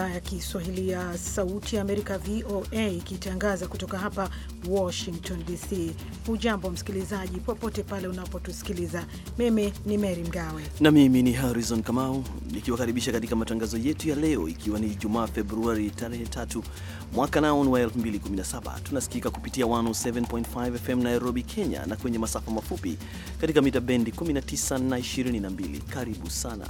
idhaa ya Kiswahili ya Sauti ya Amerika, VOA, ikitangaza kutoka hapa Washington DC. Hujambo msikilizaji, popote pale unapotusikiliza. Mimi ni Mary Mgawe na mimi ni Harrison Kamau, nikiwakaribisha katika matangazo yetu ya leo, ikiwa ni Jumaa Februari tarehe 3 mwaka naon wa 2017. Tunasikika kupitia 107.5 FM Nairobi, Kenya, na kwenye masafa mafupi katika mita bendi 19 na 22. Karibu sana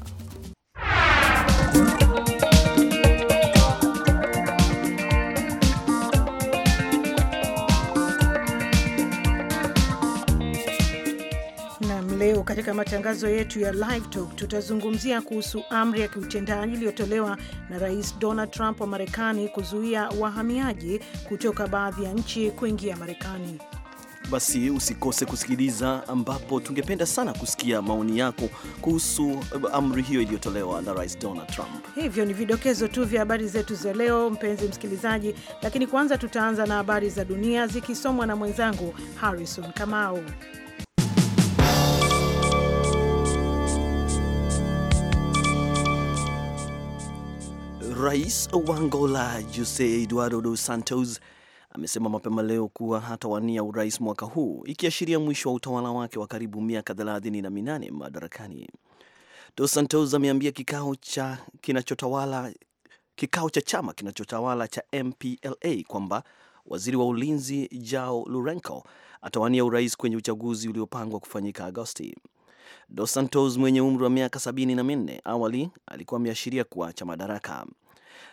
katika matangazo yetu ya Live Talk tutazungumzia kuhusu amri ya kiutendaji iliyotolewa na Rais Donald Trump wa Marekani kuzuia wahamiaji kutoka baadhi ya nchi kuingia Marekani. Basi usikose kusikiliza, ambapo tungependa sana kusikia maoni yako kuhusu eh, amri hiyo iliyotolewa na Rais Donald Trump. Hivyo ni vidokezo tu vya habari zetu za leo, mpenzi msikilizaji, lakini kwanza tutaanza na habari za dunia zikisomwa na mwenzangu Harrison Kamau. Rais wa Angola Jose Eduardo dos Santos amesema mapema leo kuwa hatawania urais mwaka huu, ikiashiria mwisho wa utawala wake wa karibu miaka thelathini na minane madarakani. Dos Santos ameambia kikao cha kinachotawala kikao cha chama kinachotawala cha MPLA kwamba waziri wa ulinzi jao Lourenco atawania urais kwenye uchaguzi uliopangwa kufanyika Agosti. Dos Santos mwenye umri wa miaka sabini na minne awali alikuwa ameashiria kuacha madaraka.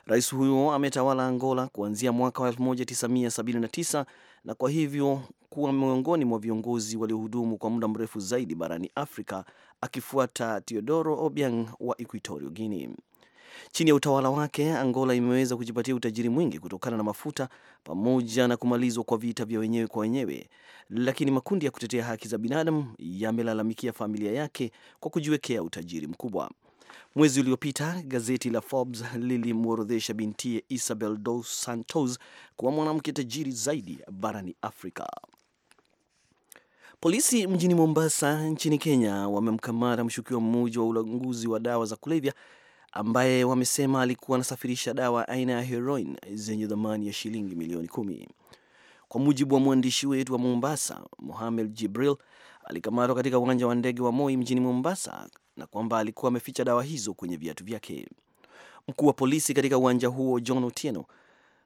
Rais huyo ametawala Angola kuanzia mwaka wa 1979 na kwa hivyo kuwa miongoni mwa viongozi waliohudumu kwa muda mrefu zaidi barani Afrika, akifuata Teodoro Obiang wa equitorio Guinea. Chini ya utawala wake, Angola imeweza kujipatia utajiri mwingi kutokana na mafuta pamoja na kumalizwa kwa vita vya wenyewe kwa wenyewe, lakini makundi ya kutetea haki za binadamu yamelalamikia familia yake kwa kujiwekea utajiri mkubwa. Mwezi uliopita gazeti la Forbes lilimworodhesha bintie Isabel dos Santos kuwa mwanamke tajiri zaidi barani Afrika. Polisi mjini Mombasa nchini Kenya wamemkamata mshukiwa mmoja wa ulanguzi wa dawa za kulevya ambaye wamesema alikuwa anasafirisha dawa aina ya heroin zenye dhamani ya shilingi milioni kumi. Kwa mujibu wa mwandishi wetu wa Mombasa, Mohamed Jibril alikamatwa katika uwanja wa ndege wa Moi mjini Mombasa na kwamba alikuwa ameficha dawa hizo kwenye viatu vyake. Mkuu wa polisi katika uwanja huo John Otieno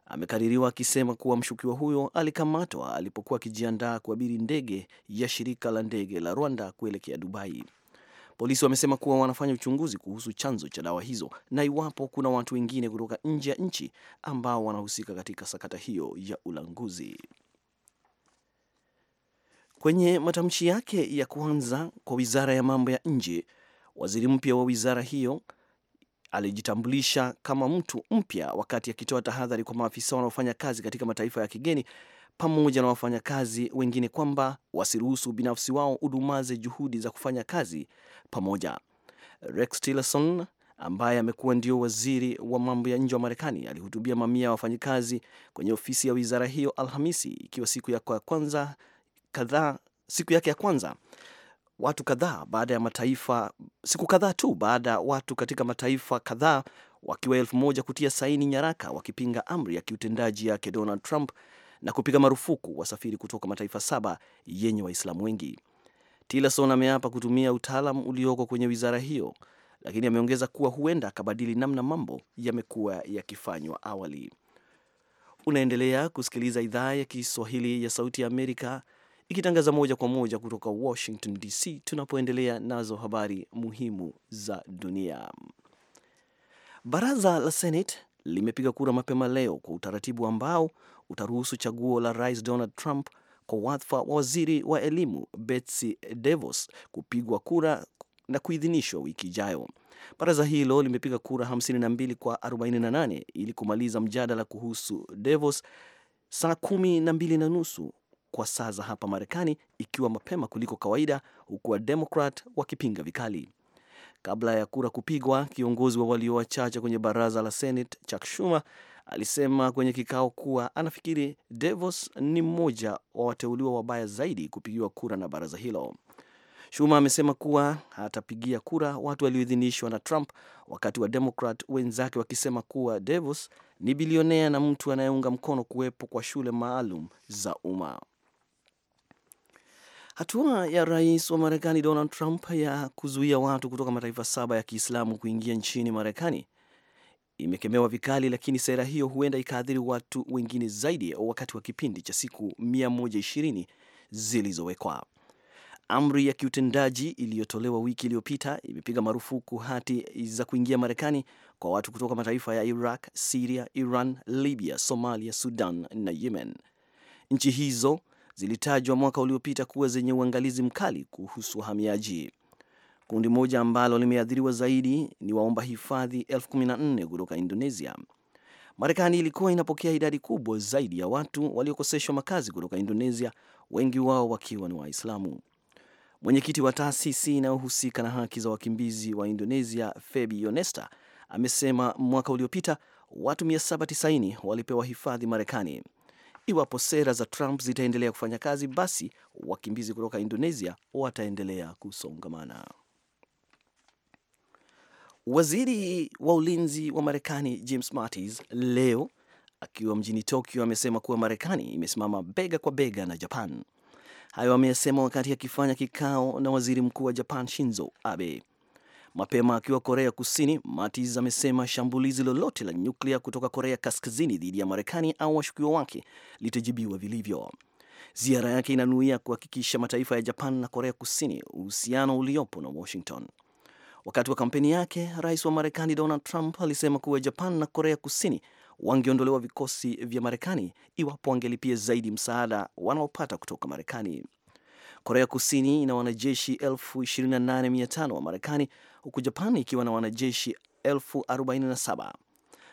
amekaririwa akisema kuwa mshukiwa huyo alikamatwa alipokuwa akijiandaa kuabiri ndege ya shirika la ndege la Rwanda kuelekea Dubai. Polisi wamesema kuwa wanafanya uchunguzi kuhusu chanzo cha dawa hizo na iwapo kuna watu wengine kutoka nje ya nchi ambao wanahusika katika sakata hiyo ya ulanguzi. Kwenye matamshi yake ya kwanza kwa wizara ya mambo ya nje, waziri mpya wa wizara hiyo alijitambulisha kama mtu mpya wakati akitoa tahadhari kwa maafisa wanaofanya kazi katika mataifa ya kigeni pamoja na wafanyakazi wengine kwamba wasiruhusu binafsi wao udumaze juhudi za kufanya kazi pamoja. Rex Tillerson ambaye amekuwa ndio waziri wa mambo ya nje wa Marekani alihutubia mamia ya wafanyikazi kwenye ofisi ya wizara hiyo Alhamisi, ikiwa siku yake ya kwanza, kadhaa, siku yake ya kwanza watu kadhaa baada ya mataifa siku kadhaa tu baada ya watu katika mataifa kadhaa wakiwa elfu moja kutia saini nyaraka wakipinga amri ya kiutendaji yake Donald Trump na kupiga marufuku wasafiri kutoka mataifa saba yenye Waislamu wengi. Tillerson ameapa kutumia utaalam ulioko kwenye wizara hiyo, lakini ameongeza kuwa huenda akabadili namna mambo yamekuwa yakifanywa awali. Unaendelea kusikiliza idhaa ya Kiswahili ya Sauti ya Amerika ikitangaza moja kwa moja kutoka Washington DC, tunapoendelea nazo habari muhimu za dunia. Baraza la Senate limepiga kura mapema leo kwa utaratibu ambao utaruhusu chaguo la Rais Donald Trump kwa wadhifa wa waziri wa elimu Betsy DeVos kupigwa kura na kuidhinishwa wiki ijayo. Baraza hilo limepiga kura 52 kwa 48 ili kumaliza mjadala kuhusu DeVos saa kumi na mbili na nusu kwa saa za hapa Marekani, ikiwa mapema kuliko kawaida, huku Wademokrat wakipinga vikali. Kabla ya kura kupigwa, kiongozi wa walio wachache kwenye baraza la Senate Chuck Schumer alisema kwenye kikao kuwa anafikiri Devos ni mmoja wa wateuliwa wabaya zaidi kupigiwa kura na baraza hilo. Shuma amesema kuwa atapigia kura watu walioidhinishwa na Trump, wakati wa Demokrat wenzake wakisema kuwa Devos ni bilionea na mtu anayeunga mkono kuwepo kwa shule maalum za umma. Hatua ya rais wa Marekani Donald Trump ya kuzuia watu kutoka mataifa saba ya Kiislamu kuingia nchini Marekani imekemewa vikali, lakini sera hiyo huenda ikaathiri watu wengine zaidi wakati wa kipindi cha siku 120 zilizowekwa. Amri ya kiutendaji iliyotolewa wiki iliyopita imepiga marufuku hati za kuingia Marekani kwa watu kutoka mataifa ya Iraq, Siria, Iran, Libya, Somalia, Sudan na Yemen. Nchi hizo zilitajwa mwaka uliopita kuwa zenye uangalizi mkali kuhusu wahamiaji. Kundi moja ambalo limeathiriwa zaidi ni waomba hifadhi 14 kutoka Indonesia. Marekani ilikuwa inapokea idadi kubwa zaidi ya watu waliokoseshwa makazi kutoka Indonesia, wengi wao wakiwa ni Waislamu. Mwenyekiti wa taasisi inayohusika na haki za wakimbizi wa Indonesia, Febi Yonesta, amesema mwaka uliopita watu 790 walipewa hifadhi Marekani. Iwapo sera za Trump zitaendelea kufanya kazi, basi wakimbizi kutoka Indonesia wataendelea kusongamana. Waziri wa ulinzi wa Marekani James Mattis leo akiwa mjini Tokyo amesema kuwa Marekani imesimama bega kwa bega na Japan. Hayo ameyasema wakati akifanya kikao na waziri mkuu wa Japan Shinzo Abe. Mapema akiwa Korea Kusini, Mattis amesema shambulizi lolote la nyuklia kutoka Korea Kaskazini dhidi ya Marekani au washukiwa wake litajibiwa vilivyo. Ziara yake inanuia kuhakikisha mataifa ya Japan na Korea Kusini uhusiano uliopo na Washington. Wakati wa kampeni yake, rais wa Marekani Donald Trump alisema kuwa Japan na Korea Kusini wangeondolewa vikosi vya Marekani iwapo wangelipia zaidi msaada wanaopata kutoka Marekani. Korea Kusini ina wanajeshi 28,500 wa Marekani huku Japan ikiwa na wanajeshi 47,000.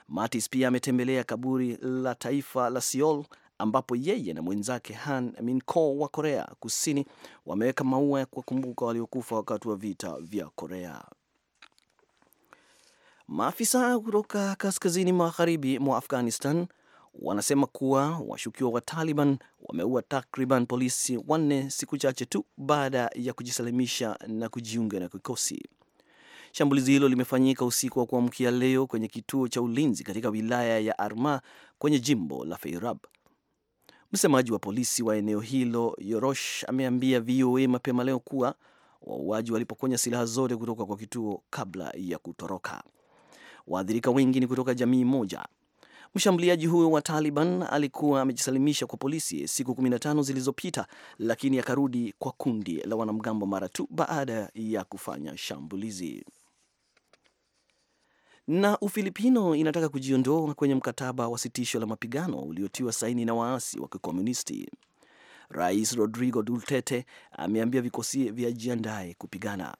Mattis pia ametembelea kaburi la taifa la Seoul ambapo yeye na mwenzake Han min wa Korea Kusini wameweka maua ya kuwakumbuka waliokufa wakati wa vita vya Korea. Maafisa kutoka kaskazini magharibi mwa Afghanistan wanasema kuwa washukiwa wa Taliban wameua takriban polisi wanne siku chache tu baada ya kujisalimisha na kujiunga na kikosi. Shambulizi hilo limefanyika usiku wa kuamkia leo kwenye kituo cha ulinzi katika wilaya ya Arma kwenye jimbo la Feirab. Msemaji wa polisi wa eneo hilo Yorosh ameambia VOA mapema leo kuwa wauaji walipokonya silaha zote kutoka kwa kituo kabla ya kutoroka. Waathirika wengi ni kutoka jamii moja. Mshambuliaji huyo wa Taliban alikuwa amejisalimisha kwa polisi siku 15 zilizopita, lakini akarudi kwa kundi la wanamgambo mara tu baada ya kufanya shambulizi. Na Ufilipino inataka kujiondoa kwenye mkataba wa sitisho la mapigano uliotiwa saini na waasi wa kikomunisti. Rais Rodrigo Duterte ameambia vikosi vya jiandae kupigana.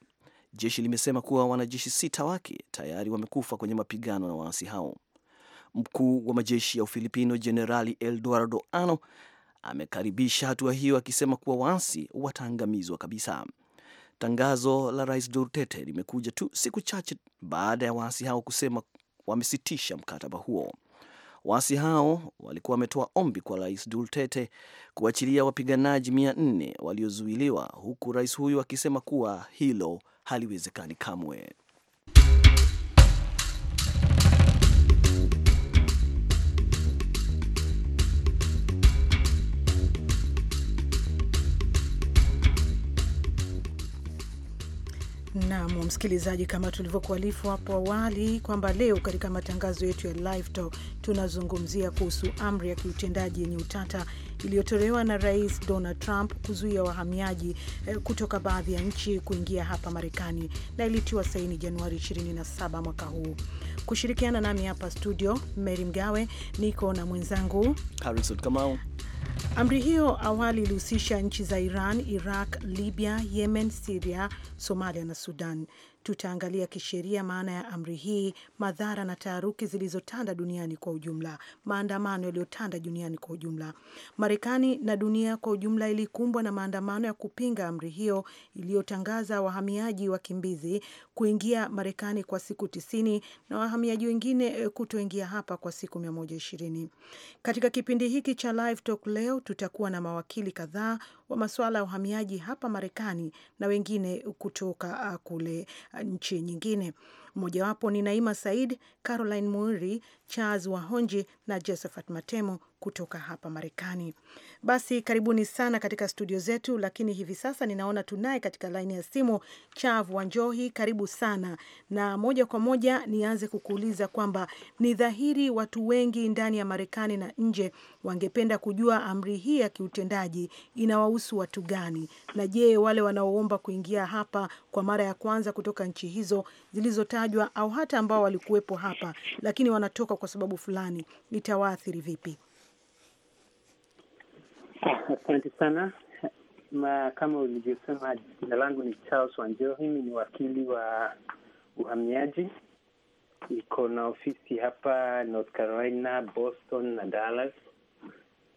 Jeshi limesema kuwa wanajeshi sita wake tayari wamekufa kwenye mapigano na waasi hao. Mkuu wa majeshi ya Ufilipino Jenerali Eduardo Ano amekaribisha hatua hiyo akisema kuwa waasi wataangamizwa kabisa. Tangazo la Rais Duterte limekuja tu siku chache baada ya waasi hao kusema wamesitisha mkataba huo. Waasi hao walikuwa wametoa ombi kwa Rais Duterte kuachilia wapiganaji mia nne waliozuiliwa, huku rais huyu akisema kuwa hilo haliwezekani kamwe. Nam msikilizaji, kama tulivyokualifu hapo awali kwamba leo katika matangazo yetu ya Live Talk tunazungumzia kuhusu amri ya kiutendaji yenye utata iliyotolewa na Rais Donald Trump kuzuia wahamiaji eh, kutoka baadhi ya nchi kuingia hapa Marekani na ilitiwa saini Januari 27 mwaka huu. Kushirikiana nami hapa studio, Mary Mgawe, niko na mwenzangu Harrison Kamau. Amri hiyo awali ilihusisha nchi za Iran, Iraq, Libya, Yemen, Siria, Somalia na Sudan. Tutaangalia kisheria maana ya amri hii, madhara na taharuki zilizotanda duniani kwa ujumla, maandamano yaliyotanda duniani kwa ujumla. Marekani na dunia kwa ujumla ilikumbwa na maandamano ya kupinga amri hiyo iliyotangaza wahamiaji wakimbizi kuingia Marekani kwa siku tisini na wahamiaji wengine eh, kutoingia hapa kwa siku mia moja ishirini. Katika kipindi hiki cha Live Talk leo tutakuwa na mawakili kadhaa wa masuala ya uhamiaji hapa Marekani na wengine kutoka ah, kule ah, nchi nyingine. Mmojawapo ni Naima Said, Caroline Muiri, Charles Wahonji na Josephat Matemo kutoka hapa Marekani. Basi karibuni sana katika studio zetu, lakini hivi sasa ninaona tunaye katika laini ya simu Chav Wanjohi, karibu sana. Na moja kwa moja nianze kukuuliza kwamba ni dhahiri watu wengi ndani ya Marekani na nje wangependa kujua amri hii ya kiutendaji inawahusu watu gani, na je, wale wanaoomba kuingia hapa kwa mara ya kwanza kutoka nchi hizo zilizota waliotajwa au hata ambao walikuwepo hapa lakini wanatoka kwa sababu fulani, itawaathiri vipi? Ah, asante sana Ma, kama ulivyosema, jina langu ni Charles Wanjohi, mimi ni wakili wa uhamiaji. Niko na ofisi hapa North Carolina, Boston na Dallas.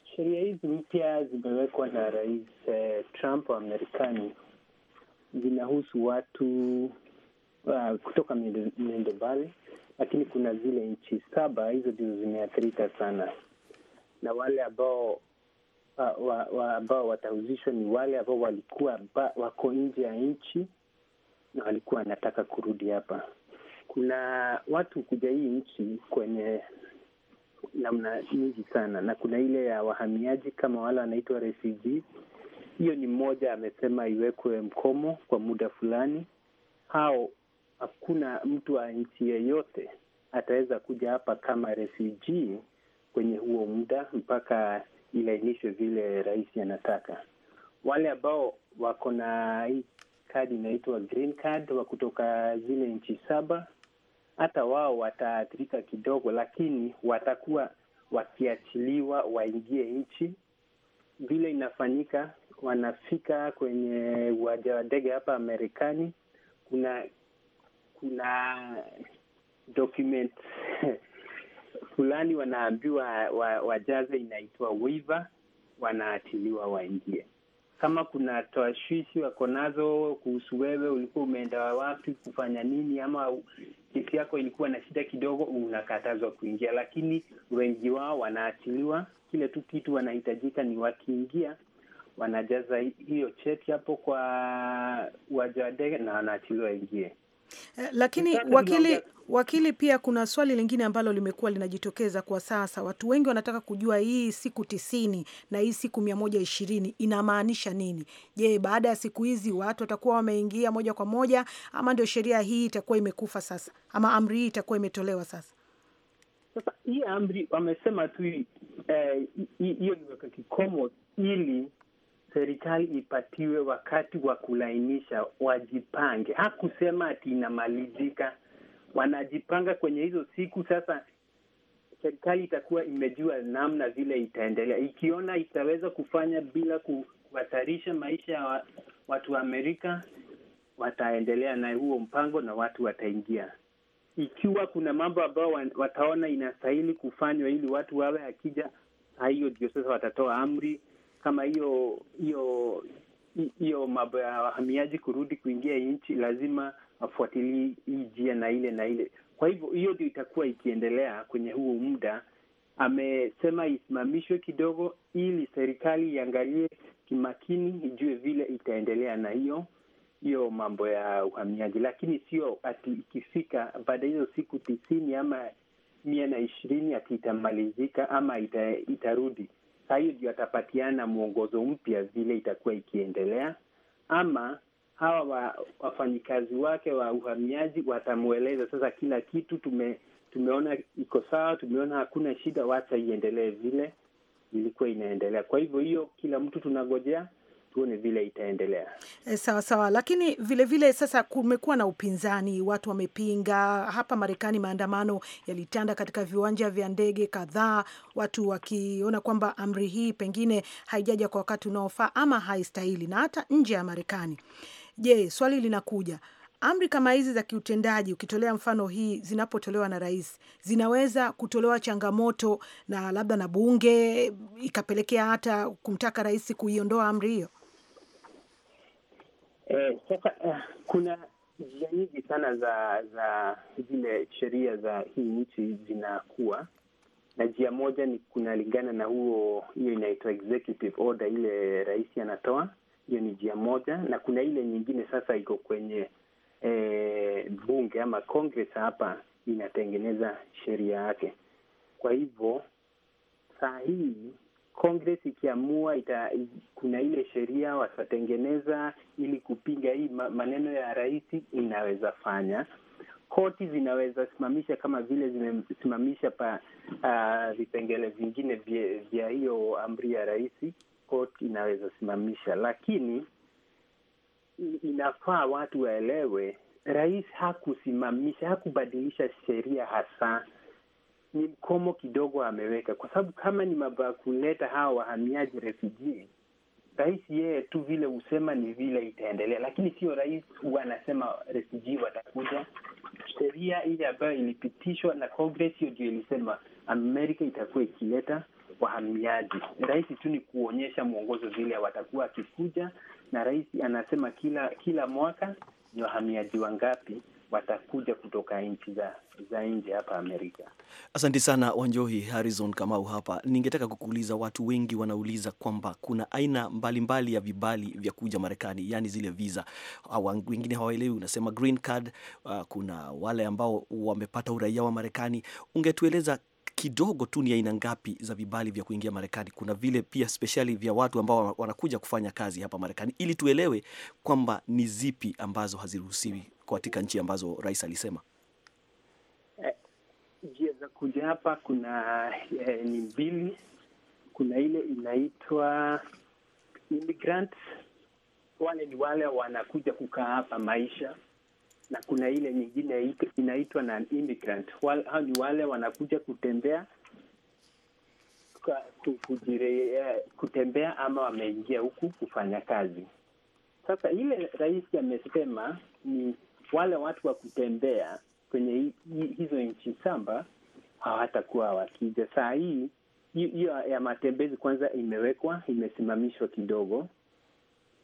Sheria hizi mpya zimewekwa na Rais eh, Trump wa Marekani, zinahusu watu uh, kutoka miendo mbali, lakini kuna zile nchi saba, hizo ndizo zimeathirika sana, na wale ambao uh, wa, wa, ambao watahuzishwa ni wale ambao walikuwa ba, wako nje ya nchi na walikuwa wanataka kurudi hapa. Kuna watu kuja hii nchi kwenye namna nyingi sana, na kuna ile ya wahamiaji kama wale wanaitwa refugee. Hiyo ni mmoja amesema iwekwe mkomo kwa muda fulani. Hao hakuna mtu wa nchi yeyote ataweza kuja hapa kama refugee kwenye huo muda mpaka ilainishwe vile rais anataka. Wale ambao wako na hii kadi inaitwa green card wa kutoka zile nchi saba, hata wao wataathirika kidogo, lakini watakuwa wakiachiliwa waingie nchi vile inafanyika. Wanafika kwenye uwanja wa ndege hapa Marekani, kuna kuna document fulani wanaambiwa wa, inaitwa waiver, wanaatiliwa waingie. Kama kuna tashwishi wako nazo kuhusu wewe, ulikuwa umeenda wapi kufanya nini, ama kesi yako ilikuwa na shida kidogo, unakatazwa kuingia, lakini wengi wao wanaatiliwa Kile tu kitu wanahitajika ni wakiingia wanajaza hiyo cheti hapo kwa uwanja na wanaachiliwa ingie. Eh, lakini wakili wakili, pia kuna swali lingine ambalo limekuwa linajitokeza kwa sasa. Watu wengi wanataka kujua hii siku tisini na hii siku mia moja ishirini inamaanisha nini? Je, baada ya siku hizi watu watakuwa wameingia moja kwa moja, ama ndio sheria hii itakuwa imekufa sasa, ama amri hii itakuwa imetolewa sasa? Sasa hii amri wamesema tu eh, hiyo eh, iweka kikomo ili serikali ipatiwe wakati wa kulainisha, wajipange. Hakusema ati inamalizika, wanajipanga kwenye hizo siku. Sasa serikali itakuwa imejua namna vile itaendelea, ikiona itaweza kufanya bila kuhatarisha maisha ya watu wa Amerika, wataendelea na huo mpango na watu wataingia. Ikiwa kuna mambo ambayo wataona inastahili kufanywa ili watu wawe akija, hiyo ndio sasa watatoa amri kama hiyo hiyo hiyo mambo ya wahamiaji kurudi kuingia nchi, lazima wafuatilie hii jia na ile na ile. Kwa hivyo hiyo ndio itakuwa ikiendelea kwenye huo muda. Amesema isimamishwe kidogo, ili serikali iangalie kimakini, ijue vile itaendelea na hiyo hiyo mambo ya uhamiaji, lakini sio ati ikifika baada hizo siku tisini ama mia na ishirini ati itamalizika ama ita, itarudi sasa ndio atapatiana mwongozo mpya vile itakuwa ikiendelea, ama hawa wa, wafanyikazi wake wa uhamiaji watamweleza sasa kila kitu, tume, tumeona iko sawa, tumeona hakuna shida, wacha iendelee vile ilikuwa inaendelea. Kwa hivyo hiyo, kila mtu tunagojea tuone vile itaendelea. E, sawa sawa, lakini vilevile vile sasa kumekuwa na upinzani, watu wamepinga. Hapa Marekani maandamano yalitanda katika viwanja vya ndege kadhaa, watu wakiona kwamba amri hii pengine haijaja kwa wakati unaofaa ama haistahili, na hata nje ya Marekani. Je, swali linakuja amri kama hizi za kiutendaji, ukitolea mfano hii, zinapotolewa na rais, zinaweza kutolewa changamoto na labda na bunge, ikapelekea hata kumtaka rais kuiondoa amri hiyo. E, sasa uh, kuna njia nyingi sana za za zile sheria za hii nchi zinakuwa na njia moja ni kunalingana na huo, hiyo inaitwa executive order, ile rais anatoa. Hiyo ni njia moja, na kuna ile nyingine sasa iko kwenye e, bunge ama Congress hapa inatengeneza sheria yake. Kwa hivyo saa hii Congress ikiamua ita, kuna ile sheria watatengeneza ili kupinga hii maneno ya rais, inaweza fanya. Koti zinaweza simamisha kama vile zimesimamisha pa uh, vipengele vingine vya hiyo amri ya rais. Koti inaweza simamisha, lakini inafaa watu waelewe, rais hakusimamisha, hakubadilisha sheria hasa ni mkomo kidogo ameweka, kwa sababu kama ni mambo kuleta hawa wahamiaji refugee, rais yeye tu vile husema ni vile itaendelea, lakini sio rais huwa anasema refugee watakuja. Sheria ile ambayo ilipitishwa na Congress hiyo ndio ilisema Amerika itakuwa ikileta wahamiaji. Rais tu ni kuonyesha mwongozo vile watakuwa akikuja, na rais anasema kila kila mwaka ni wahamiaji wangapi watakuja kutoka nchi za, za nje hapa Amerika. Asante sana Wanjohi. Harrison Kamau hapa, ningetaka kukuuliza, watu wengi wanauliza kwamba kuna aina mbalimbali mbali ya vibali vya kuja Marekani, yani zile visa. Wengine hawaelewi, unasema green card. Uh, kuna wale ambao wamepata uraia wa Marekani. Ungetueleza kidogo tu ni aina ngapi za vibali vya kuingia Marekani? Kuna vile pia speshali vya watu ambao wanakuja kufanya kazi hapa Marekani, ili tuelewe kwamba ni zipi ambazo haziruhusiwi katika nchi ambazo rais alisema njia eh, za kuja hapa kuna eh, ni mbili. Kuna ile inaitwa immigrants, wale ni wale wanakuja kukaa hapa maisha, na kuna ile nyingine inaitwa non-immigrant, hao ni wale wanakuja kutembea kujire, eh, kutembea ama wameingia huku kufanya kazi. Sasa ile rais amesema ni wale watu wa kutembea kwenye hizo nchi saba hawatakuwa wakija. Saa hii hiyo ya matembezi kwanza imewekwa, imesimamishwa kidogo.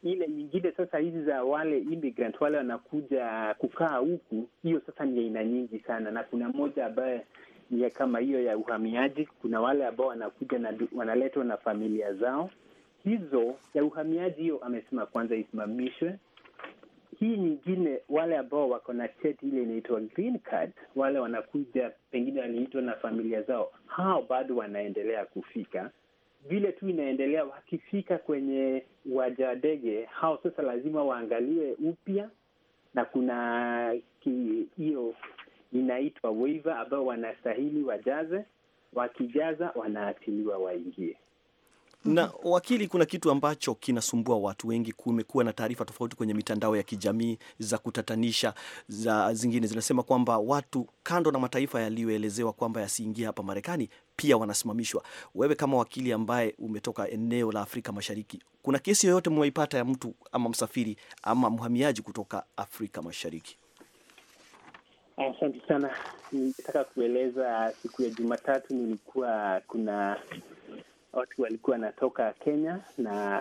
Ile nyingine sasa, hizi za wale immigrant wale wanakuja kukaa huku, hiyo sasa ni aina nyingi sana, na kuna moja ambaye ni kama hiyo ya uhamiaji. Kuna wale ambao wanakuja na wanaletwa na familia zao. Hizo ya uhamiaji hiyo amesema kwanza isimamishwe hii nyingine, wale ambao wako na cheti ile inaitwa green card, wale wanakuja pengine waliitwa na familia zao, hao bado wanaendelea kufika vile tu inaendelea. Wakifika kwenye uwanja wa ndege, hao sasa lazima waangaliwe upya, na kuna hiyo inaitwa waiver, ambao wanastahili wajaze. Wakijaza wanaachiliwa waingie na wakili, kuna kitu ambacho kinasumbua watu wengi. Kumekuwa na taarifa tofauti kwenye mitandao ya kijamii za kutatanisha, za zingine zinasema kwamba watu kando na mataifa yaliyoelezewa kwamba yasiingia hapa Marekani pia wanasimamishwa. Wewe kama wakili ambaye umetoka eneo la Afrika Mashariki, kuna kesi yoyote mmeipata ya mtu ama msafiri ama mhamiaji kutoka Afrika Mashariki? Asante sana. Nitaka kueleza siku ya Jumatatu nilikuwa kuna watu walikuwa wanatoka Kenya na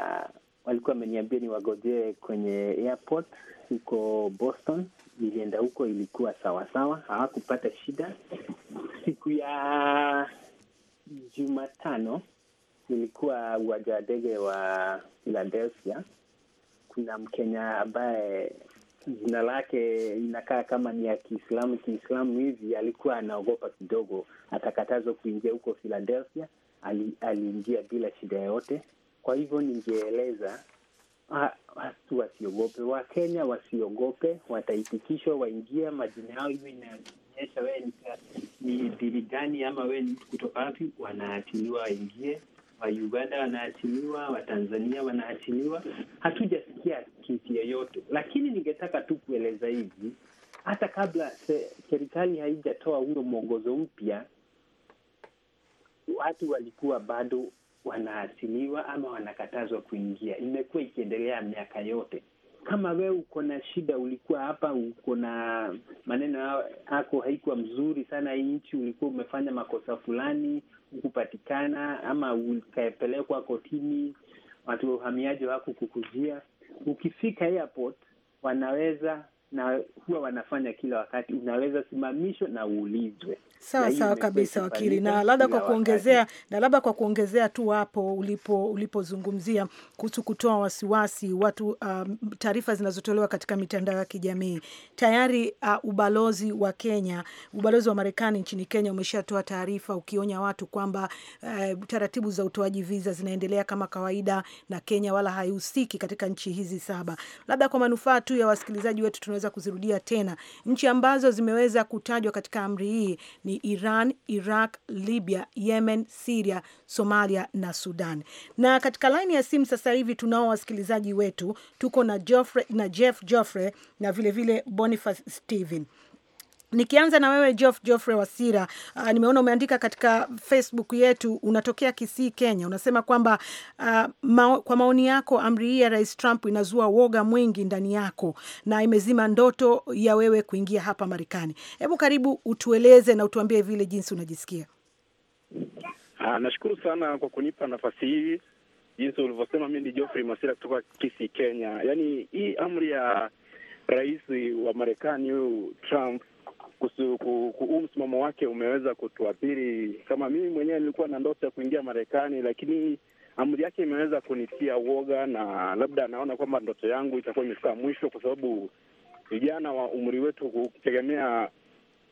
walikuwa wameniambia wagojee kwenye airport huko Boston. Nilienda huko, ilikuwa sawasawa, hawakupata shida. Siku ya Jumatano nilikuwa uwanja wa ndege wa Philadelphia. Kuna Mkenya ambaye jina lake inakaa kama ni ya Kiislamu Kiislamu hivi, alikuwa anaogopa kidogo, akakatazwa kuingia huko Philadelphia aliingia ali bila shida yoyote. Kwa hivyo ningeeleza watu wasiogope, Wakenya wasiogope, wataitikishwa, waingie majina yao hivyo inaonyesha wee ni dili gani ama wee ni mtu kutoka wapi, wanaachiliwa waingie. wauganda wanaatiliwa wanaachiliwa, Watanzania wanaachiliwa. Hatujasikia kisi yoyote, lakini ningetaka tu kueleza hivi, hata kabla serikali haijatoa huyo mwongozo mpya watu walikuwa bado wanaasiliwa ama wanakatazwa kuingia. Imekuwa ikiendelea miaka yote. Kama wewe uko na shida, ulikuwa hapa, uko na maneno yako haikuwa mzuri sana, hii nchi, ulikuwa umefanya makosa fulani, ukupatikana ama ukapelekwa kotini, watu wa uhamiaji wako kukujia, ukifika airport wanaweza na huwa wanafanya kila wakati, unaweza simamishwa na uulizwe. Sawa sawa kabisa wakili, na labda kwa kuongezea wakati. Na labda kwa kuongezea tu hapo ulipo ulipozungumzia kuhusu kutoa wasiwasi watu, um, taarifa zinazotolewa katika mitandao ya kijamii tayari, uh, ubalozi wa Kenya, ubalozi wa Marekani nchini Kenya umeshatoa taarifa ukionya watu kwamba uh, taratibu za utoaji viza zinaendelea kama kawaida na Kenya wala haihusiki katika nchi hizi saba. Labda kwa manufaa tu ya wasikilizaji wetu zinaweza kuzirudia tena. Nchi ambazo zimeweza kutajwa katika amri hii ni Iran, Iraq, Libya, Yemen, Siria, Somalia na Sudan. Na katika laini ya simu sasa hivi tunao wasikilizaji wetu, tuko na Geoffrey, na Jeff Joffre na vilevile Boniface Steven. Nikianza na wewe Geoff Geoffrey Wasira, uh, nimeona umeandika katika Facebook yetu, unatokea Kisii, Kenya. Unasema kwamba uh, ah, ma kwa maoni yako amri hii ya Rais Trump inazua woga mwingi ndani yako na imezima ndoto ya wewe kuingia hapa Marekani. Hebu karibu utueleze na utuambie vile jinsi unajisikia. Ha, ah, nashukuru sana kwa kunipa nafasi hii. Jinsi ulivyosema, mimi ni Geoffrey Masira kutoka Kisii, Kenya. Yaani hii amri ya rais wa Marekani huyu Trump huu msimamo wake umeweza kutuathiri. Kama mimi mwenyewe nilikuwa na ndoto ya kuingia Marekani, lakini amri yake imeweza kunitia woga, na labda anaona kwamba ndoto yangu itakuwa imefika mwisho, kwa sababu vijana wa umri wetu kutegemea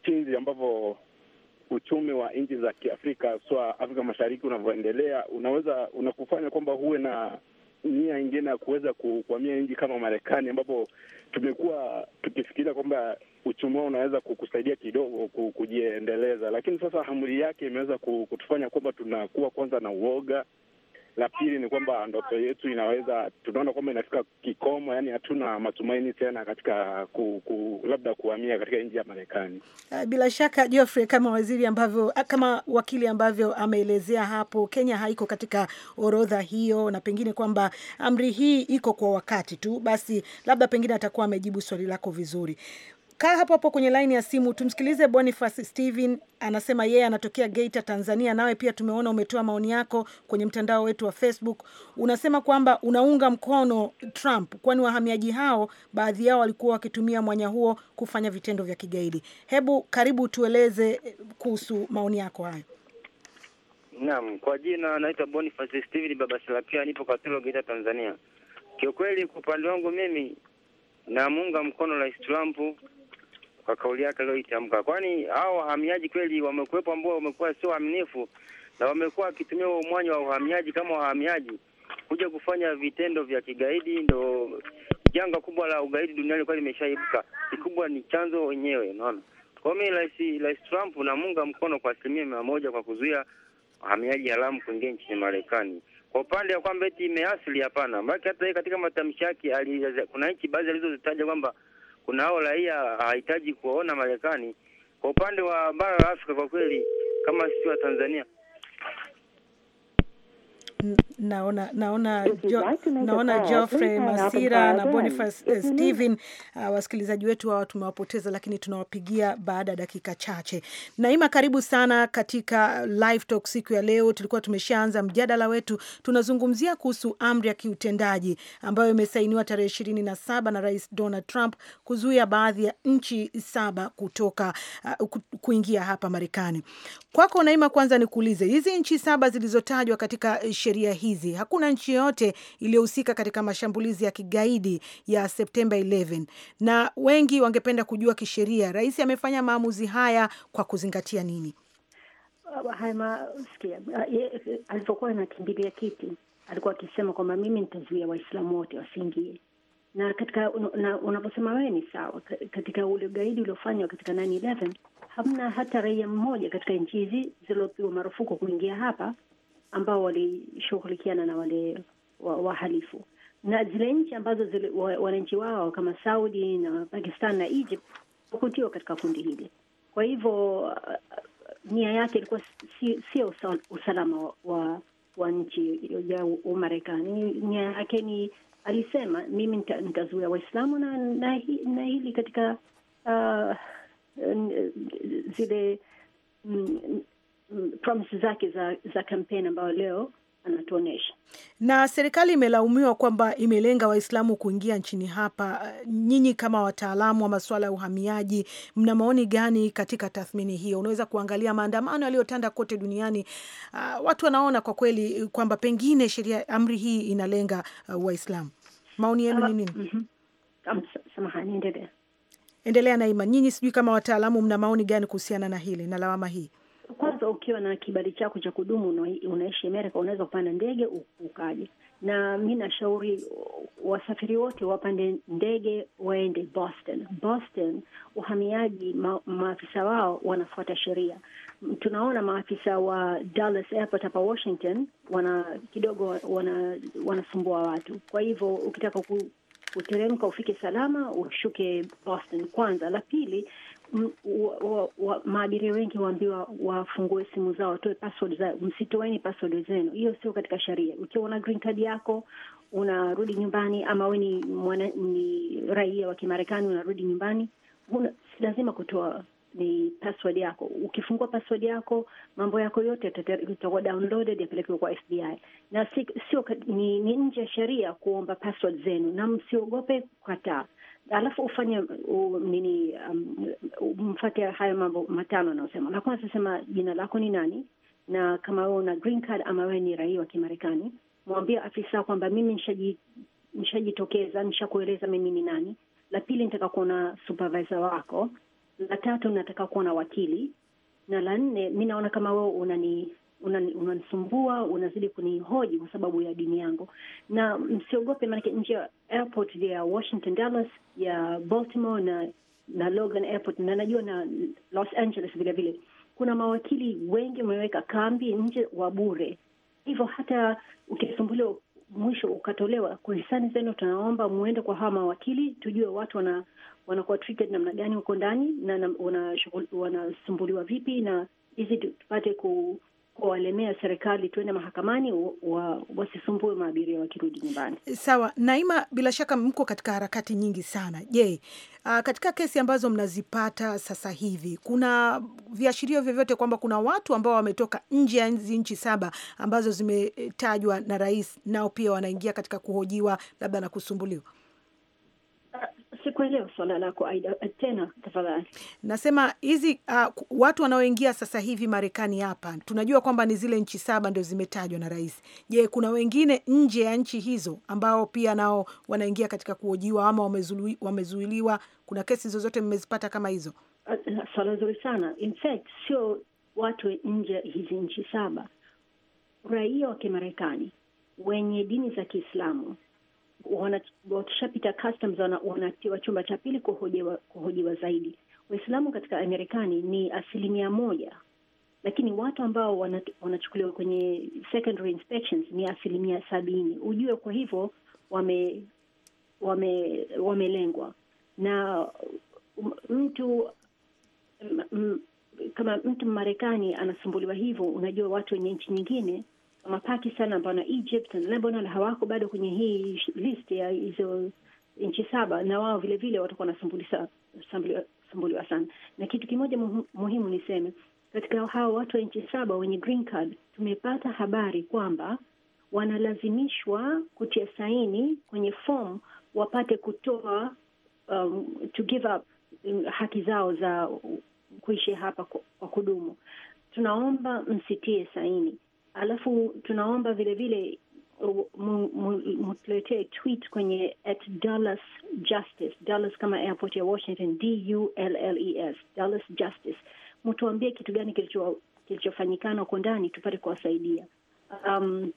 chinzi ambavyo uchumi wa nchi za Kiafrika haswa Afrika Mashariki unavyoendelea unaweza unakufanya kwamba huwe na nia ingine ya kuweza kukwamia nchi kama Marekani ambapo tumekuwa tukifikiria kwamba uchumi wao unaweza kukusaidia kidogo kujiendeleza, lakini sasa amri yake imeweza kutufanya kwamba tunakuwa kwanza na uoga la pili ni kwamba ndoto yetu inaweza, tunaona kwamba inafika kikomo, yani hatuna matumaini tena katika ku, ku, labda kuhamia katika nchi ya Marekani. Eh, bila shaka Geoffrey, kama waziri ambavyo, ah, kama wakili ambavyo ameelezea hapo, Kenya haiko katika orodha hiyo, na pengine kwamba amri hii iko kwa wakati tu. Basi labda pengine atakuwa amejibu swali lako vizuri. Kaa hapo hapo kwenye laini ya simu, tumsikilize Boniface Steven anasema yeye anatokea Geita, Tanzania. Nawe pia tumeona umetoa maoni yako kwenye mtandao wetu wa Facebook. Unasema kwamba unaunga mkono Trump, kwani wahamiaji hao baadhi yao walikuwa wakitumia mwanya huo kufanya vitendo vya kigaidi. Hebu karibu tueleze kuhusu maoni yako hayo. Naam, kwa jina anaitwa Boniface Steven baba nipo Katoro, Geita, Tanzania. Kiukweli, kwa upande wangu mimi namuunga mkono Rais Trump kwa kauli yake aliyoitamka, kwani hao wahamiaji kweli wamekuwepo ambao wamekuwa sio waaminifu na wamekuwa wakitumia mwanya wa uhamiaji kama wahamiaji kuja kufanya vitendo vya kigaidi. Ndo janga kubwa la ugaidi duniani kwa limeshaibuka, kikubwa ni chanzo wenyewe, unaona. Kwa mimi rais rais Trump namunga mkono kwa asilimia mia moja kwa kuzuia wahamiaji haramu kuingia nchini Marekani. Kwa upande wa kwamba eti imeasili, hapana, maana hata yeye katika matamshi yake kuna nchi baadhi alizozitaja kwamba kuna hao raia hahitaji kuwaona Marekani. Kwa upande wa bara la Afrika, kwa kweli kama sisi wa Tanzania naona naona jo, like naona Geoffrey Masira na Boniface Steven uh, wasikilizaji wetu hawa tumewapoteza, lakini tunawapigia baada ya dakika chache. Naima, karibu sana katika live talk siku ya leo. Tulikuwa tumeshaanza mjadala wetu, tunazungumzia kuhusu amri ya kiutendaji ambayo imesainiwa tarehe ishirini na saba na Rais Donald Trump kuzuia baadhi ya nchi saba kutoka uh, kuingia hapa Marekani. Kwako Naima, kwanza nikuulize hizi nchi saba zilizotajwa katika sheria hizi. Hakuna nchi yoyote iliyohusika katika mashambulizi ya kigaidi ya Septemba 11 na wengi wangependa kujua kisheria, rais amefanya maamuzi haya kwa kuzingatia nini? Uh, sikia, uh, alipokuwa anakimbilia kiti alikuwa akisema kwamba mimi nitazuia Waislamu wote wasiingie na katika unaposema wewe ni sawa, katika ule ugaidi uliofanywa katika 9/11 hamna hata raia mmoja katika nchi hizi zilizopigwa marufuku kuingia hapa ambao walishughulikiana na wale wahalifu wa na zile nchi ambazo zile, wa, wananchi wao kama Saudi na Pakistan na Egypt wakutiwa katika kundi hili. Kwa hivyo uh, nia yake ilikuwa sio si usalama wa, wa nchi ya Umarekani. Nia yake ni alisema, mimi nitazuia Waislamu na, na, na hili katika uh, zile promise zake za, za kampeni ambayo leo anatuonyesha. Na serikali imelaumiwa kwamba imelenga Waislamu kuingia nchini hapa. Nyinyi kama wataalamu wa masuala ya uhamiaji, mna maoni gani katika tathmini hiyo? Unaweza kuangalia maandamano yaliyotanda kote duniani. Uh, watu wanaona kwa kweli kwamba pengine sheria, amri hii inalenga uh, Waislamu. Maoni yenu ni nini? Mm-hmm. Um, samahani, endelea endelea. Naima, nyinyi sijui kama wataalamu mna maoni gani kuhusiana na hili na lawama hii? Kumbuka ukiwa na kibali chako cha kudumu unaishi Amerika, unaweza kupanda ndege ukaje. Na mi nashauri wasafiri wote wapande ndege waende Boston. Boston uhamiaji ma, maafisa wao wanafuata sheria. Tunaona maafisa wa Dallas Airport hapa Washington wana kidogo wanasumbua wana watu. Kwa hivyo ukitaka ku, kuteremka ufike salama ushuke Boston kwanza. La pili maabiria wengi waambiwa wafungue simu zao, watoe password za Msitoeni password zenu, hiyo sio katika sheria. Ukiwa una green card yako unarudi nyumbani, ama we ni mwana, ni raia wa Kimarekani unarudi nyumbani, si lazima kutoa ni password yako. Ukifungua password yako, mambo yako yote itakuwa downloaded yapelekewa kwa FBI, na si, sio ni, ni nje ya sheria kuomba password zenu, na msiogope kukataa alafu ufanye nini um, hayo mambo matano anaosema. La kwanza sema jina lako ni nani, na kama wewe una green card ama wewe ni raia wa Kimarekani, mwambie afisa kwamba mimi nishajitokeza, nishakueleza mimi ni nani. La pili, nitaka kuona supervisor wako. La tatu, nataka kuona wakili, na la nne, mi naona kama wewe unani unanisumbua, una unazidi kunihoji kwa sababu ya dini yangu. Na msiogope, maanake nje ya airport ya Washington Dallas, ya Baltimore na na Logan airport na najua na Los Angeles vilevile, kuna mawakili wengi wameweka kambi nje wa bure, hivyo hata ukisumbuliwa mwisho ukatolewa, kwa hisani zenu tunaomba mwende kwa hawa mawakili, tujue watu wana wanakuwa treated namna gani huko ndani na wanasumbuliwa vipi, na hizi tupate kuwalemea serikali tuende mahakamani wa, wasisumbue maabiria wakirudi nyumbani. Sawa Naima, bila shaka mko katika harakati nyingi sana. Je, uh, katika kesi ambazo mnazipata sasa hivi kuna viashirio vyovyote kwamba kuna watu ambao wametoka nje ya hizi nchi saba ambazo zimetajwa na rais, nao pia wanaingia katika kuhojiwa labda na kusumbuliwa? Sikuelewa swala lako Aida, eh, tena tafadhali. Nasema hizi uh, watu wanaoingia sasa hivi Marekani hapa, tunajua kwamba ni zile nchi saba ndio zimetajwa na rais. Je, kuna wengine nje ya nchi hizo ambao pia nao wanaingia katika kuojiwa ama wamezuiliwa? Kuna kesi zozote mmezipata kama hizo? Eh, swala zuri sana. In fact sio watu nje hizi nchi saba, raia wa Kimarekani wenye dini za Kiislamu wakishapita customs wanatiwa chumba cha pili kuhojiwa, kuhojiwa zaidi. Waislamu katika Amerikani ni asilimia moja, lakini watu ambao wanachukuliwa kwenye secondary inspections ni asilimia sabini. Ujue kwa hivyo wame, wame, wamelengwa na mtu kama mtu Marekani anasumbuliwa hivyo, unajua watu wenye nchi nyingine Mapakistan ambao na Egypt na Lebanon hawako bado kwenye hii list ya hizo nchi saba, na wao vilevile watakuwa wanasumbuliwa sana na kitu kimoja muhimu, niseme katika hao watu wa nchi saba wenye green card, tumepata habari kwamba wanalazimishwa kutia saini kwenye form wapate kutoa um, to give up um, haki zao za kuishi hapa kwa kudumu. Tunaomba msitie saini alafu tunaomba vilevile mtuletee tweet kwenye at Dallas Justice, Dallas kama airport ya Washington, D U L L E S, Dallas Justice. Mtuambie kitu gani kilichofanyikana huko ndani tupate kuwasaidia. Um,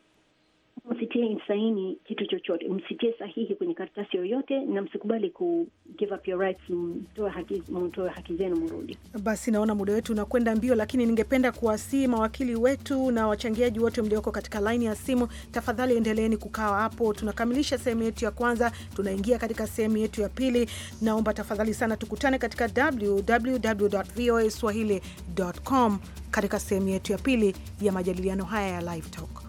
msitie insaini kitu chochote, msitie sahihi kwenye karatasi yoyote, na msikubali ku give up your rights, mtoe haki, mtoe haki zenu mrudi. Basi naona muda wetu unakwenda mbio, lakini ningependa kuwasihi mawakili wetu na wachangiaji wote mlioko katika laini ya simu, tafadhali endeleeni kukaa hapo. Tunakamilisha sehemu yetu ya kwanza, tunaingia katika sehemu yetu ya pili. Naomba tafadhali sana tukutane katika www.voaswahili.com katika sehemu yetu ya pili ya majadiliano haya ya Live Talk.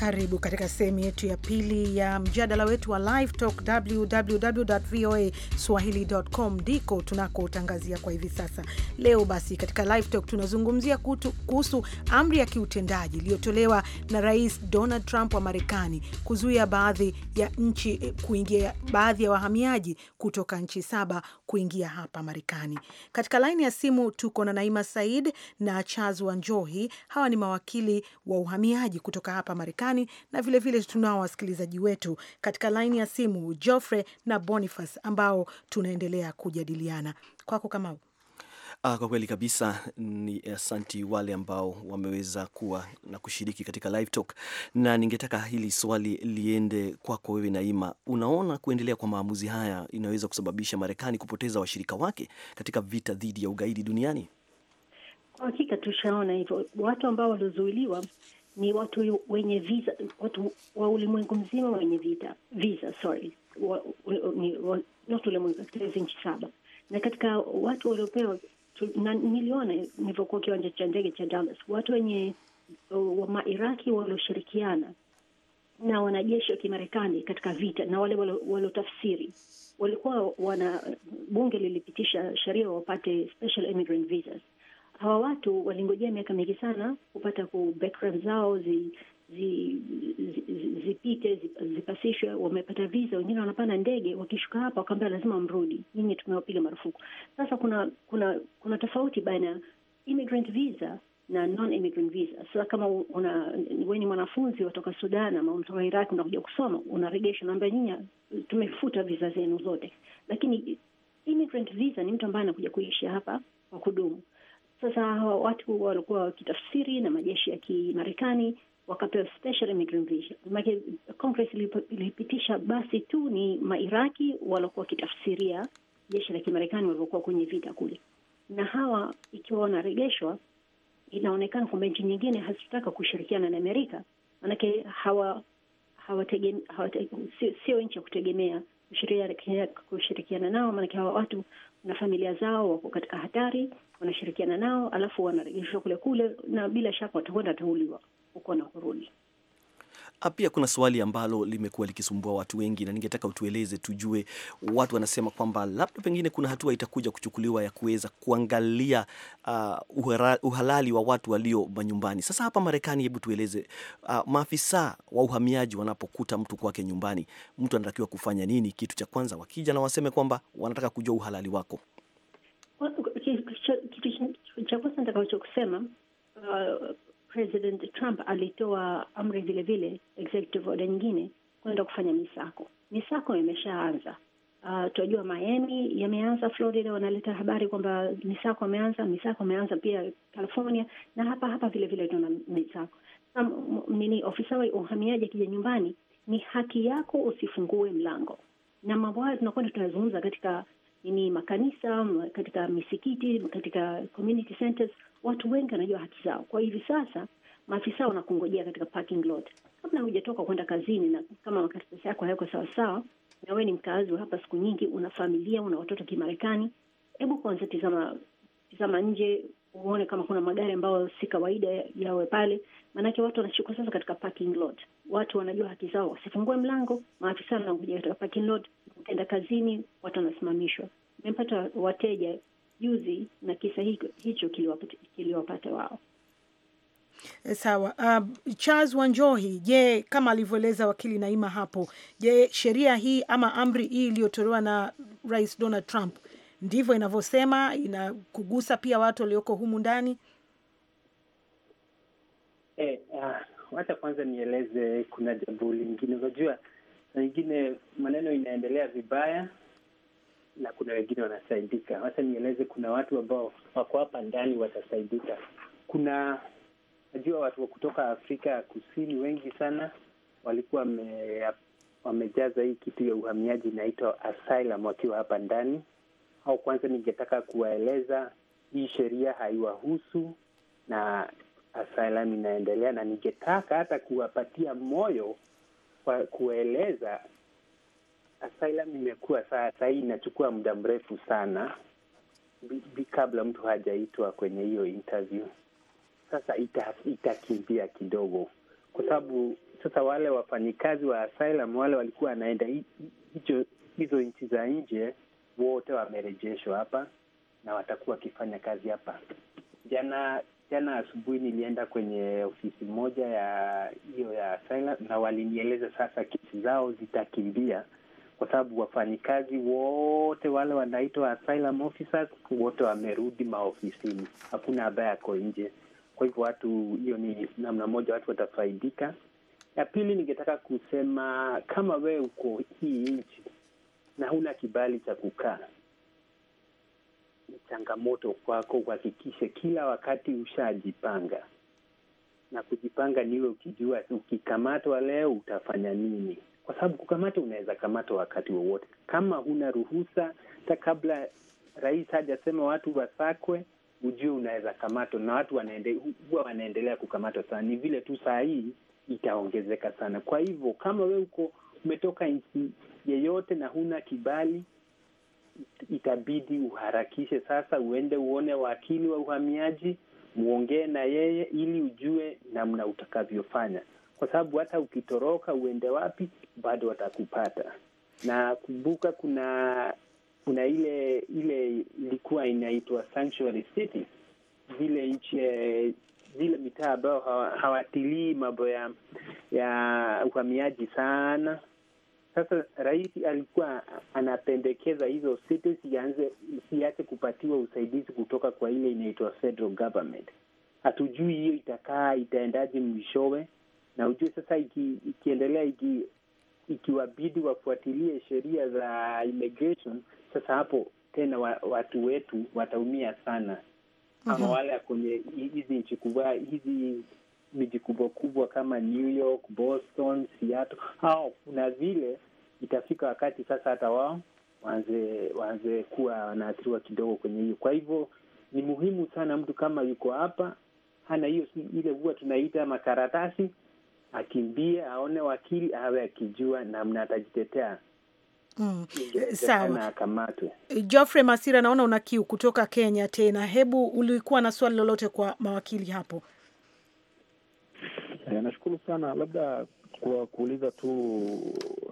Karibu katika sehemu yetu ya pili ya mjadala wetu wa live talk, ndiko tunakotangazia kwa hivi sasa. Leo basi, katika live talk tunazungumzia kuhusu amri ya kiutendaji iliyotolewa na Rais Donald Trump wa Marekani kuzuia baadhi ya nchi eh, kuingia, baadhi ya wahamiaji kutoka nchi saba kuingia hapa Marekani. Katika laini ya simu tuko na Naima Said na Chazwa Njohi. Hawa ni mawakili wa uhamiaji kutoka hapa Marekani Marekani, na vilevile tunao wasikilizaji wetu katika laini ya simu, Geoffrey na Boniface, ambao tunaendelea kujadiliana. Kwako Kamau. Ah, kwa kweli kabisa ni asanti wale ambao wameweza kuwa na kushiriki katika live talk, na ningetaka hili swali liende kwako kwa wewe Naima. Unaona kuendelea kwa maamuzi haya inaweza kusababisha Marekani kupoteza washirika wake katika vita dhidi ya ugaidi duniani? Kwa hakika tushaona hivyo, watu ambao waliozuiliwa ni watu wenye visa, watu wa ulimwengu mzima wenye vita visa, sorry, wa, ni, wa, not ulimwengu katika nchi saba, na katika watu waliopewa na niliona nilivyokuwa kiwanja cha ndege cha Dallas, watu wenye wa Mairaki walioshirikiana na wanajeshi wa Kimarekani katika vita na wale waliotafsiri walikuwa wana bunge lilipitisha sheria wapate special immigrant visas hawa watu walingojea miaka mingi sana kupata ku background zao zi, zi, zi, zi, zipite zipasishwe. Wamepata visa, wengine wanapanda ndege, wakishuka hapa wakaambia lazima mrudi, nyinyi tumewapiga marufuku. Sasa kuna kuna kuna tofauti baina ya immigrant visa na non-immigrant visa. Sasa kama una wewe ni mwanafunzi watoka Sudan ama unatoka Iraq unakuja kusoma, unaregesha naambia nyinyi tumefuta visa zenu zote, lakini immigrant visa ni mtu ambaye anakuja kuishi hapa kwa kudumu sasa hawa watu walikuwa wakitafsiri na majeshi ya Kimarekani wakapewa special immigrant visa. Congress ilipitisha basi tu ni Mairaki waliokuwa wakitafsiria jeshi la Kimarekani walivyokuwa kwenye vita kule, na hawa ikiwa wanaregeshwa, inaonekana kwamba nchi nyingine hazitaka kushirikiana na Amerika, manake hawa sio nchi ya kutegemea kushirikiana nao, maanake hawa watu na familia zao wako katika hatari, wanashirikiana nao, alafu wanarejeshwa kule kule, na bila shaka watakwenda tauliwa huko na kurudi. Ah, pia kuna swali ambalo limekuwa likisumbua watu wengi, na ningetaka utueleze, tujue. Watu wanasema kwamba labda pengine kuna hatua itakuja kuchukuliwa ya kuweza kuangalia uh, uhalali wa watu walio manyumbani. Sasa hapa Marekani, hebu tueleze, uh, maafisa wa uhamiaji wanapokuta mtu kwake nyumbani, mtu anatakiwa kufanya nini? Kitu cha kwanza, wakija na waseme kwamba wanataka kujua uhalali wako, cha kwanza nitakacho kusema uh, President Trump alitoa amri vilevile, executive order nyingine kwenda kufanya misako. Misako imeshaanza. Uh, ah, tunajua Miami yameanza, Florida wanaleta habari kwamba misako ameanza, misako ameanza pia California, na hapa hapa vile vile tuna misako. Um, nini, ofisa wa uhamiaji akija nyumbani, ni haki yako usifungue mlango, na mambo hayo tunakwenda tunazungumza katika ni makanisa, katika misikiti, katika community centers. Watu wengi wanajua haki zao, kwa hivi sasa maafisa wanakungojea katika parking lot kabla hujatoka kwenda kazini, na kama makaratasi yako hayako sawasawa na wewe ni mkaazi wa hapa siku nyingi, una familia, una watoto Kimarekani, hebu kwanza tizama, tizama nje uone kama kuna magari ambayo si kawaida yawe pale, maanake watu wanashuka sasa katika parking lot watu wanajua haki zao, wasifungue mlango. Maafisa wanakuja katika parking lot, kazini watu wanasimamishwa. Nimepata wateja juzi na kisa hicho kiliwapata, kiliwapata wao. Eh, sawa. Uh, Charles Wanjohi, je, kama alivyoeleza wakili Naima hapo, je, sheria hii ama amri hii iliyotolewa na Rais Donald Trump ndivyo inavyosema, inakugusa pia watu walioko humu ndani? Eh, uh, hata kwanza nieleze, kuna jambo lingine. Unajua saa maneno inaendelea vibaya na kuna wengine wanasaidika. hata nieleze, kuna watu ambao wako hapa ndani watasaidika. Kuna najua watu wa kutoka Afrika ya Kusini wengi sana walikuwa me, wamejaza hii kitu ya uhamiaji inaitwa asylum wakiwa hapa ndani. Au kwanza ningetaka kuwaeleza hii sheria haiwahusu na asylum inaendelea, na ningetaka hata kuwapatia moyo kwa kueleza asylum imekuwa saa sahii inachukua muda mrefu sana bi kabla mtu hajaitwa kwenye hiyo interview. Sasa itakimbia ita kidogo, kwa sababu sasa wale wafanyikazi wa asylum wale walikuwa wanaenda hizo nchi za nje wote wamerejeshwa hapa na watakuwa wakifanya kazi hapa. Jana jana asubuhi nilienda kwenye ofisi moja ya hiyo ya asylum, na walinieleza sasa kesi zao zitakimbia kwa sababu wafanyikazi wote wale wanaitwa asylum officers wote wamerudi maofisini, hakuna ambaye ako nje. Kwa hivyo watu, hiyo ni namna moja watu watafaidika. Ya pili, ningetaka kusema kama wewe uko hii nchi na huna kibali cha kukaa changamoto kwako, uhakikishe kila wakati ushajipanga na kujipanga niwe ukijua ukikamatwa leo utafanya nini, kwa sababu kukamata unaweza kamata wakati wowote kama huna ruhusa. Hata kabla rais hajasema watu wasakwe, ujue unaweza kamatwa, na watu huwa wanaendelea kukamatwa sana. Ni vile tu saa hii itaongezeka sana. Kwa hivyo kama we uko umetoka nchi yeyote na huna kibali itabidi uharakishe sasa, uende uone wakili wa uhamiaji, muongee na yeye ili ujue namna utakavyofanya, kwa sababu hata ukitoroka uende wapi, bado watakupata. Na kumbuka, kuna kuna ile ile ilikuwa inaitwa sanctuary zile nchi zile mitaa ambayo hawatilii mambo ya ya uhamiaji sana sasa rais alikuwa anapendekeza hizo city sianze siache kupatiwa usaidizi kutoka kwa ile inaitwa federal government. Hatujui hiyo itakaa itaendaje mwishowe, na ujue sasa iki, ikiendelea iki, ikiwabidi wafuatilie sheria za immigration, sasa hapo tena watu wetu wataumia sana, ama mhm. wale kwenye hizi nchi kubwa hizi miji kubwa kubwa kama New York, Boston, Seattle au kuna vile itafika wakati sasa hata wao waanze waanze kuwa wanaathiriwa kidogo kwenye hiyo. Kwa hivyo ni muhimu sana mtu kama yuko hapa hana hiyo ile huwa tunaita makaratasi, akimbie aone wakili, awe akijua namna atajitetea. Mm. Eh, sawa. Geoffrey Masira, naona una kiu kutoka Kenya tena. Hebu ulikuwa na swali lolote kwa mawakili hapo? E, nashukuru sana. Labda kwa kuuliza tu,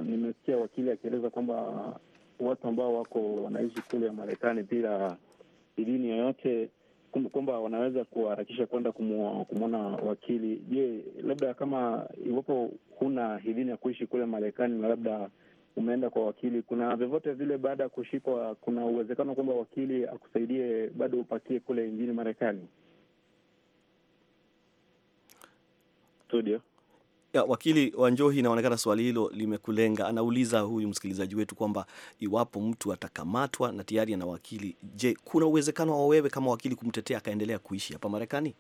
nimesikia wakili akieleza kwamba watu ambao wako wanaishi kule Marekani bila idini yoyote kwamba wanaweza kuharakisha kwenda kumwona wakili. Je, labda kama iwapo huna idhini ya kuishi kule Marekani na labda umeenda kwa wakili, kuna vyovyote vile, baada ya kushikwa, kuna uwezekano kwamba wakili akusaidie bado upakie kule nchini Marekani? studio. Ya, wakili Njohi, inaonekana swali hilo limekulenga. Anauliza huyu msikilizaji wetu kwamba iwapo mtu atakamatwa na tayari ana wakili, je, kuna uwezekano wa wewe kama wakili kumtetea akaendelea kuishi hapa Marekani?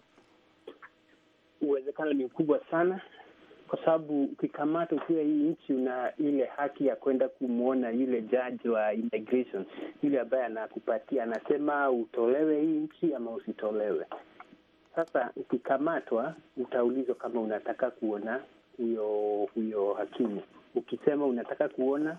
Uwezekano ni mkubwa sana, kwa sababu ukikamata ukiwa hii nchi una ile haki ya kwenda kumwona yule jaji wa immigration, yule ambaye anakupatia anasema utolewe hii nchi ama usitolewe. Sasa ukikamatwa utaulizwa kama unataka kuona huyo huyo hakimu. Ukisema unataka kuona,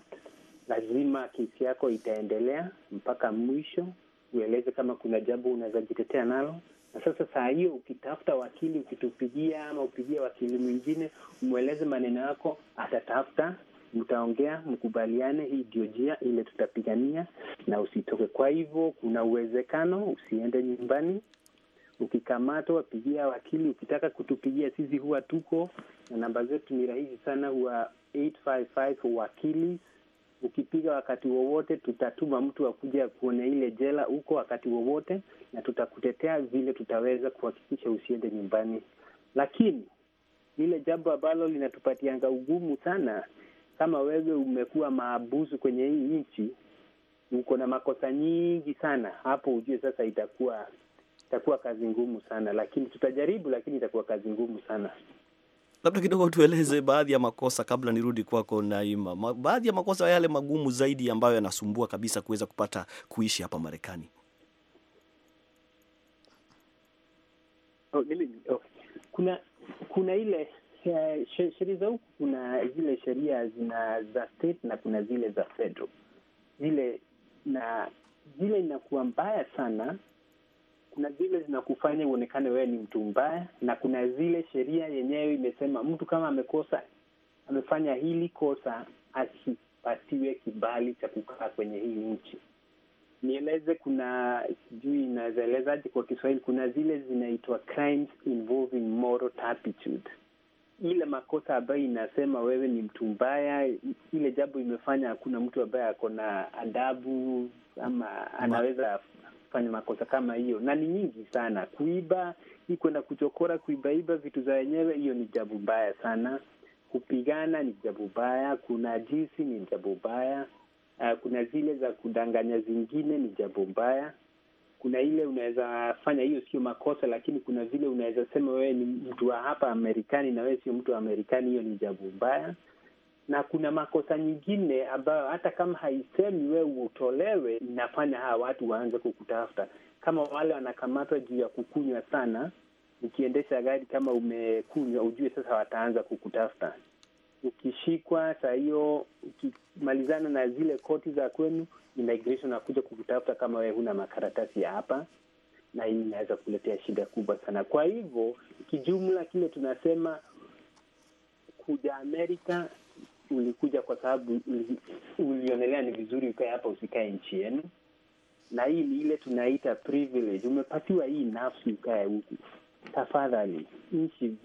lazima kesi yako itaendelea mpaka mwisho, ueleze kama kuna jambo unaweza jitetea nalo. Na sasa saa hiyo ukitafuta wakili, ukitupigia ama upigia wakili mwingine, umweleze maneno yako, atatafuta mtaongea, mkubaliane, hii ndio njia ile tutapigania, na usitoke. Kwa hivyo kuna uwezekano usiende nyumbani Ukikamatwa wapigia wakili, ukitaka kutupigia sisi huwa tuko na namba zetu ni rahisi sana, huwa 855 wakili. Ukipiga wakati wowote, tutatuma mtu akuja kuona ile jela huko wakati wowote, na tutakutetea vile tutaweza kuhakikisha usiende nyumbani. Lakini lile jambo ambalo linatupatianga ugumu sana, kama wewe umekuwa maabusu kwenye hii nchi, uko na makosa nyingi sana, hapo ujue sasa itakuwa itakuwa kazi ngumu sana, lakini tutajaribu, lakini itakuwa kazi ngumu sana. Labda kidogo tueleze baadhi ya makosa kabla nirudi kwako Naima, baadhi ya makosa yale magumu zaidi ambayo yanasumbua kabisa kuweza kupata kuishi hapa Marekani. Oh, oh. Kuna kuna ile eh, sheria za huku, kuna zile sheria zina za state na kuna zile za federal zile, na zile inakuwa mbaya sana kuna zile zinakufanya uonekane wewe ni mtu mbaya, na kuna zile sheria yenyewe imesema mtu kama amekosa amefanya hili kosa asipatiwe kibali cha kukaa kwenye hii nchi. Nieleze, kuna sijui inawezaelezaje kwa Kiswahili, kuna zile zinaitwa crimes involving moral turpitude, ile makosa ambayo inasema wewe ni mtu mbaya, ile jambo imefanya hakuna mtu ambaye ako na adabu ama anaweza kufanya makosa kama hiyo, na ni nyingi sana. Kuiba hii, kwenda kuchokora, kuibaiba vitu za wenyewe, hiyo ni jambo mbaya sana. Kupigana ni jambo baya, kuna jisi ni jambo baya, ah, kuna zile za kudanganya zingine ni jambo mbaya kuna ile unaweza fanya hiyo sio makosa, lakini kuna vile unaweza sema wewe ni mtu wa hapa Amerikani na wewe sio mtu wa Amerikani. Hiyo ni jambo mbaya na kuna makosa nyingine ambayo hata kama haisemi wewe utolewe, inafanya hawa watu waanze kukutafuta, kama wale wanakamatwa juu ya kukunywa sana. Ukiendesha gari kama umekunywa, ujue sasa wataanza kukutafuta. Ukishikwa saa hiyo, ukimalizana na zile koti za kwenu, immigration kukutafuta kama wewe huna makaratasi ya hapa, na hii inaweza kuletea shida kubwa sana. Kwa hivyo kijumla, kile tunasema kuja Amerika ulikuja kwa sababu ulionelea ni vizuri ukae hapa, usikae nchi yenu, na hii ni ile tunaita privilege. Umepatiwa hii nafsi ukae huku. Tafadhali ishi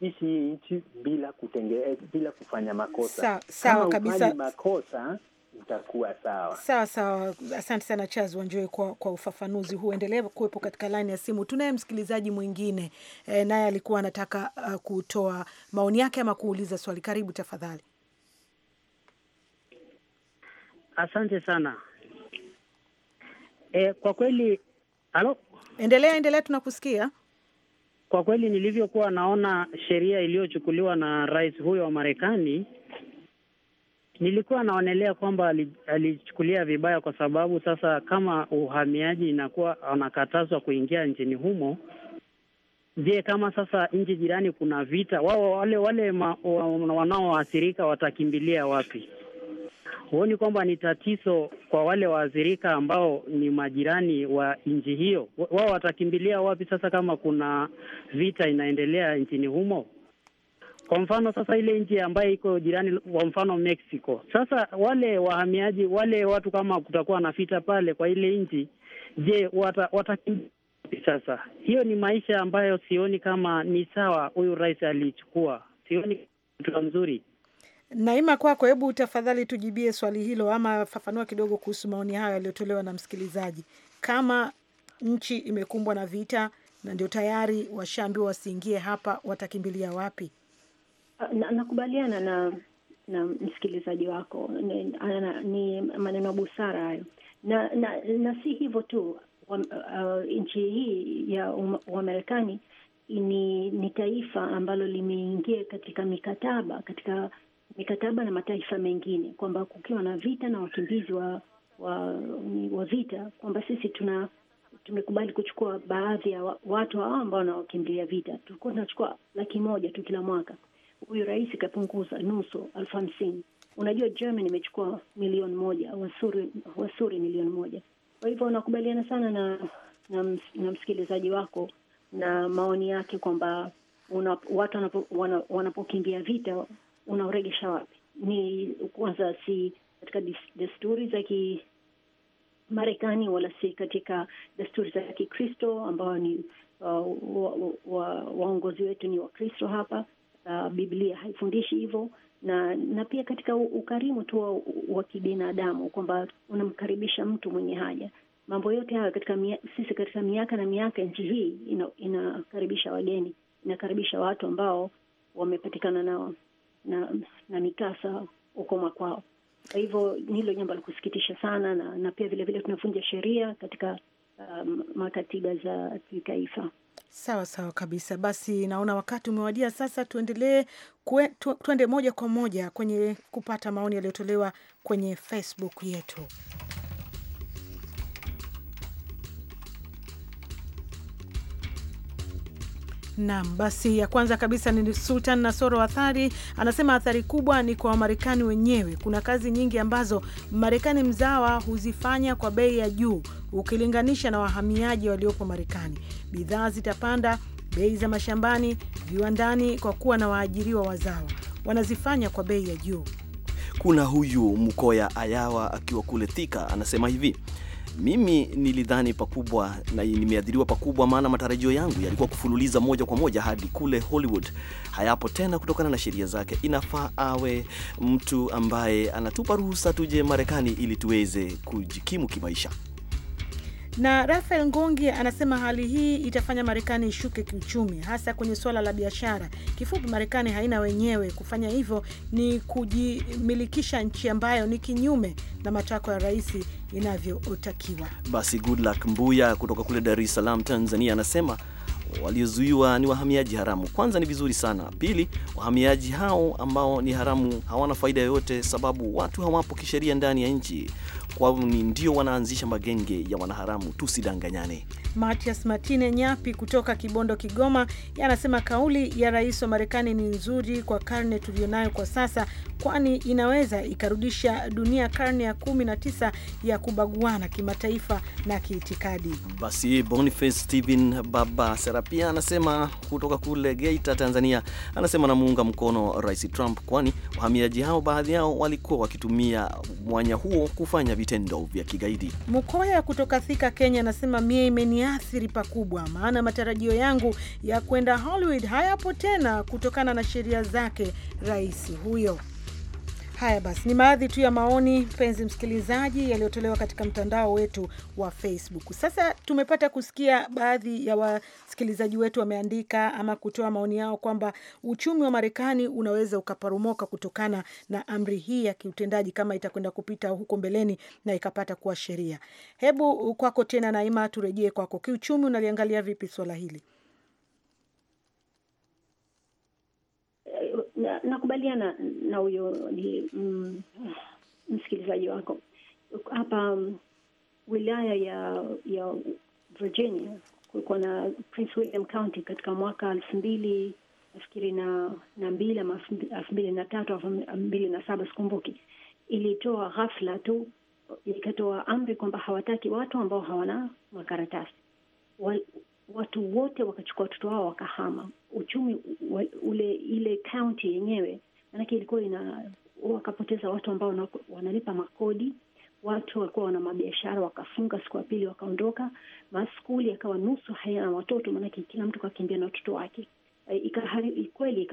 ishi hii nchi bila kutenge, bila kufanya makosa. Sawa kabisa, makosa utakuwa sawa sawa sawa. Asante sana Charles Wanjoe kwa, kwa ufafanuzi huu. Endelea kuwepo katika laini ya simu. Tunaye msikilizaji mwingine e, naye alikuwa anataka uh, kutoa maoni yake ama kuuliza swali. Karibu tafadhali. Asante sana e, kwa kweli. Halo, endelea endelea, tunakusikia. Kwa kweli nilivyokuwa naona sheria iliyochukuliwa na rais huyo wa Marekani Nilikuwa naonelea kwamba alichukulia vibaya kwa sababu sasa kama uhamiaji inakuwa anakatazwa kuingia nchini humo, je, kama sasa nchi jirani kuna vita, wao wale wale wanaoathirika watakimbilia wapi? Huoni kwamba ni tatizo kwa wale waathirika ambao ni majirani wa nchi hiyo? Wao watakimbilia wapi sasa kama kuna vita inaendelea nchini humo? Kwa mfano sasa, ile nchi ambayo iko jirani, kwa mfano Mexico. Sasa wale wahamiaji wale watu, kama kutakuwa na vita pale kwa ile nchi, je, wata, wata... sasa? Hiyo ni maisha ambayo sioni kama ni sawa, huyu rais alichukua, sioni kitu mzuri. Naima, kwako, hebu tafadhali tujibie swali hilo, ama fafanua kidogo kuhusu maoni hayo yaliyotolewa na msikilizaji. Kama nchi imekumbwa na vita na ndio tayari washaambiwa wasiingie hapa, watakimbilia wapi? Ah, nakubaliana na na msikilizaji wako, ni maneno ya busara hayo, na, na, na si hivyo tu uh, nchi hii ya Wamarekani um, ni, ni taifa ambalo limeingia katika mikataba katika mikataba na mataifa mengine kwamba kukiwa na vita na wakimbizi wa, wa, wa vita kwamba sisi tuna tumekubali kuchukua baadhi ya watu hao ambao wanaokimbilia vita, tulikuwa tunachukua laki moja tu kila mwaka huyu rais kapunguza nusu elfu hamsini. Unajua Germany imechukua milioni moja wasuri, wasuri milioni moja. Kwa hivyo unakubaliana sana na, na, na msikilizaji wako na maoni yake kwamba watu wanapokimbia vita unaoregesha wapi? Ni kwanza si katika desturi za Kimarekani wala si katika desturi za Kikristo ambayo ni uh, waongozi wa, wa, wa wetu ni Wakristo hapa uh, Biblia haifundishi hivyo na na pia katika ukarimu tu wa, kibinadamu kwamba unamkaribisha mtu mwenye haja. Mambo yote hayo katika mia, sisi katika miaka na miaka nchi hii ina, inakaribisha wageni, inakaribisha watu ambao wamepatikana na, na na mikasa huko makwao. Kwa hivyo hilo jambo la kusikitisha sana, na, na pia vilevile tunavunja sheria katika um, makatiba za kitaifa. Sawa sawa kabisa. Basi naona wakati umewadia sasa, tuendelee tuende moja kwa moja kwenye kupata maoni yaliyotolewa kwenye Facebook yetu. Naam, basi ya kwanza kabisa ni Sultan Nasoro athari, anasema athari kubwa ni kwa Wamarekani wenyewe. Kuna kazi nyingi ambazo Marekani mzawa huzifanya kwa bei ya juu ukilinganisha na wahamiaji waliopo Marekani. Bidhaa zitapanda, bei za mashambani, viwandani, kwa kuwa na waajiriwa wazawa wanazifanya kwa bei ya juu. Kuna huyu Mkoya Ayawa akiwa kule Thika anasema hivi mimi nilidhani pakubwa na nimeadhiriwa pakubwa, maana matarajio yangu yalikuwa kufululiza moja kwa moja hadi kule Hollywood. Hayapo tena kutokana na sheria zake. Inafaa awe mtu ambaye anatupa ruhusa tuje Marekani ili tuweze kujikimu kimaisha. Na Rafael Ngongi anasema hali hii itafanya Marekani ishuke kiuchumi, hasa kwenye suala la biashara. Kifupi, Marekani haina wenyewe. Kufanya hivyo ni kujimilikisha nchi ambayo ni kinyume na matakwa ya rais inavyotakiwa. Basi good Mbuya kutoka kule Dar es Salaam, Tanzania, anasema waliozuiwa ni wahamiaji haramu. Kwanza ni vizuri sana, pili wahamiaji hao ambao ni haramu hawana faida yoyote, sababu watu hawapo kisheria ndani ya nchi ni ndio wanaanzisha magenge ya wanaharamu, tusidanganyane. Matias Matine Nyapi kutoka Kibondo, Kigoma, anasema kauli ya rais wa Marekani ni nzuri kwa karne tuliyonayo kwa sasa, kwani inaweza ikarudisha dunia karne ya tisa ya kubaguana kimataifa na kiitikadi. Basi Boniface Stephen Baba Serapia anasema kutoka kule Geita, Tanzania, anasema namuunga mkono Rais Trump, kwani wahamiaji hao baadhi yao walikuwa wakitumia mwanya huo kufanya vitendo vya kigaidi. Mkoya kutoka Thika, Kenya, anasema mie imeniathiri pakubwa, maana matarajio yangu ya kwenda Hollywood hayapo tena kutokana na sheria zake rais huyo. Haya basi, ni baadhi tu ya maoni mpenzi msikilizaji, yaliyotolewa katika mtandao wetu wa Facebook. Sasa tumepata kusikia baadhi ya wasikilizaji wetu wameandika ama kutoa maoni yao kwamba uchumi wa Marekani unaweza ukaparomoka kutokana na amri hii ya kiutendaji kama itakwenda kupita huko mbeleni na ikapata kuwa sheria. Hebu kwako tena, Naima, turejee kwako, kiuchumi unaliangalia vipi swala hili? nakubaliana na huyo na mm, msikilizaji wako hapa mm, wilaya ya ya Virginia kulikuwa na Prince William County katika mwaka elfu mbili nafikiri na na mbili ama elfu mbili na tatu elfu mbili na saba sikumbuki, ilitoa ghafla tu ikatoa amri kwamba hawataki watu ambao hawana makaratasi watu wote wakachukua watoto wao wakahama. Uchumi wa, ule ile kaunti yenyewe maanake ilikuwa ina wakapoteza watu ambao wanalipa makodi, watu walikuwa wana mabiashara wakafunga, siku ya pili wakaondoka, maskuli yakawa nusu hayana watoto, maanake kila mtu kakimbia na watoto wake. E, kweli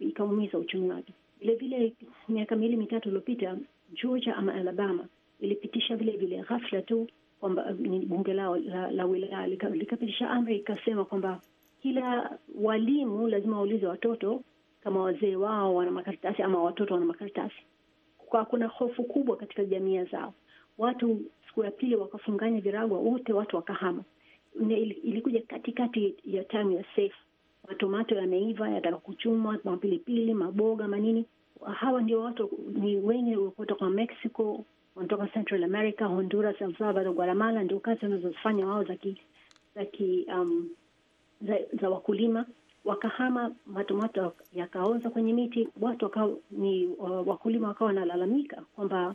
ikaumiza uchumi wake. Vilevile, miaka miwili mitatu iliyopita Georgia ama Alabama ilipitisha vilevile ghafla tu kwamba eh, bunge lao la, la wilaya likapitisha amri ikasema kwamba kila walimu lazima waulize watoto kama wazee wao wana makaratasi ama watoto wana makaratasi. Kwa kuna hofu kubwa katika jamii zao. Watu siku ya pili wakafunganya viragwa wote, watu wakahama. Ilikuja katikati ya time ya safe, matomato yameiva yataka kuchumwa, mapilipili, maboga, manini. Hawa ndio watu ni wengi kutoka kwa Mexico, wanatoka Central America, Honduras, El Salvador, Guatemala, ndio kazi wanazofanya wao za ki, za, ki, um, za, za wakulima. Wakahama, matomato yakaoza kwenye miti, watu wakawa ni wakulima wakawa wanalalamika kwamba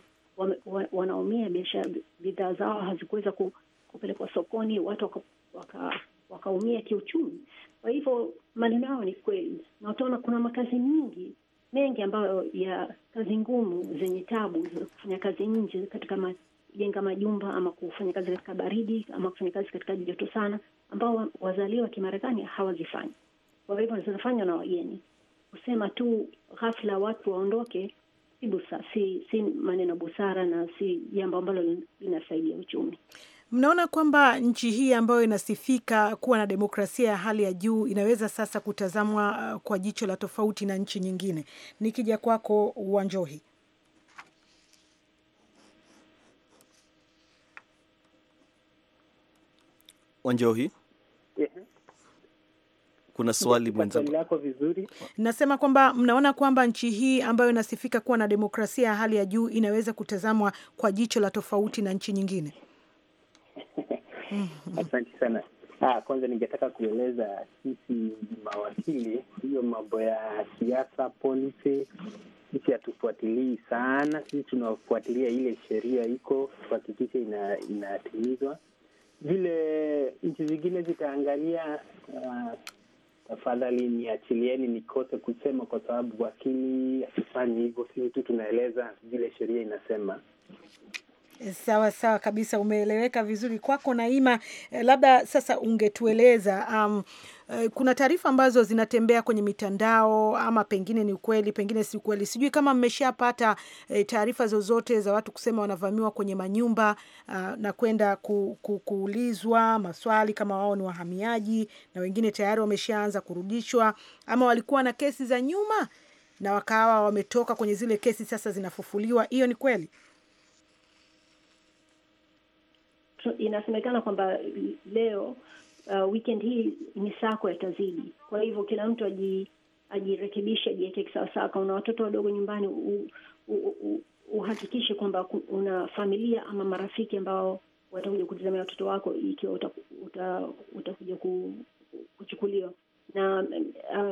wanaumia, biashara bidhaa zao hazikuweza ku, kupelekwa sokoni, watu wakaumia waka, waka kiuchumi. Kwa hivyo maneno yao ni kweli, na utaona kuna makazi mingi mengi ambayo ya kazi ngumu zenye tabu za kufanya kazi nje katika majenga majumba ama kufanya kazi katika baridi ama kufanya kazi katika joto sana, ambao wazaliwa wa Kimarekani hawazifanyi. Kwa hivyo zinafanywa na wageni. Kusema tu ghafla watu waondoke si, si maneno busara na si jambo ambalo linasaidia uchumi. Mnaona kwamba nchi hii ambayo inasifika kuwa na demokrasia ya hali ya juu inaweza sasa kutazamwa uh, kwa jicho la tofauti na nchi nyingine. Nikija kwako Wanjohi. Wanjohi, mhm. kuna swali vizuri. nasema kwamba mnaona kwamba nchi hii ambayo inasifika kuwa na demokrasia ya hali ya juu inaweza kutazamwa kwa jicho la tofauti na nchi nyingine. Asante sana. Ah, kwanza ningetaka kueleza sisi mawakili, hiyo mambo ya siasa policy sisi hatufuatilii sana. Sisi tunafuatilia ile sheria iko kuhakikisha ina, inatimizwa vile nchi zingine zitaangalia. Uh, tafadhali niachilieni nikose kusema, kwa sababu wakili hatufanyi hivyo. Sisi tu tunaeleza vile sheria inasema. Sawa sawa kabisa, umeeleweka vizuri kwako Naima. Eh, labda sasa ungetueleza um, eh, kuna taarifa ambazo zinatembea kwenye mitandao ama pengine ni ukweli, pengine si ukweli. Sijui kama mmeshapata eh, taarifa zozote za watu kusema wanavamiwa kwenye manyumba ah, na kwenda ku, ku, kuulizwa maswali kama wao ni wahamiaji, na wengine tayari wameshaanza kurudishwa ama walikuwa na kesi za nyuma na wakawa wametoka kwenye zile kesi, sasa zinafufuliwa. Hiyo ni kweli? inasemekana kwamba leo uh, weekend hii misako yatazidi, kwa hivyo kila mtu aji, ajirekebishe ajiweke kisawasawa. Una watoto wadogo nyumbani, uhakikishe kwamba una familia ama marafiki ambao watakuja kutizamia watoto wako ikiwa utakuja uta, uta kuchukuliwa na um,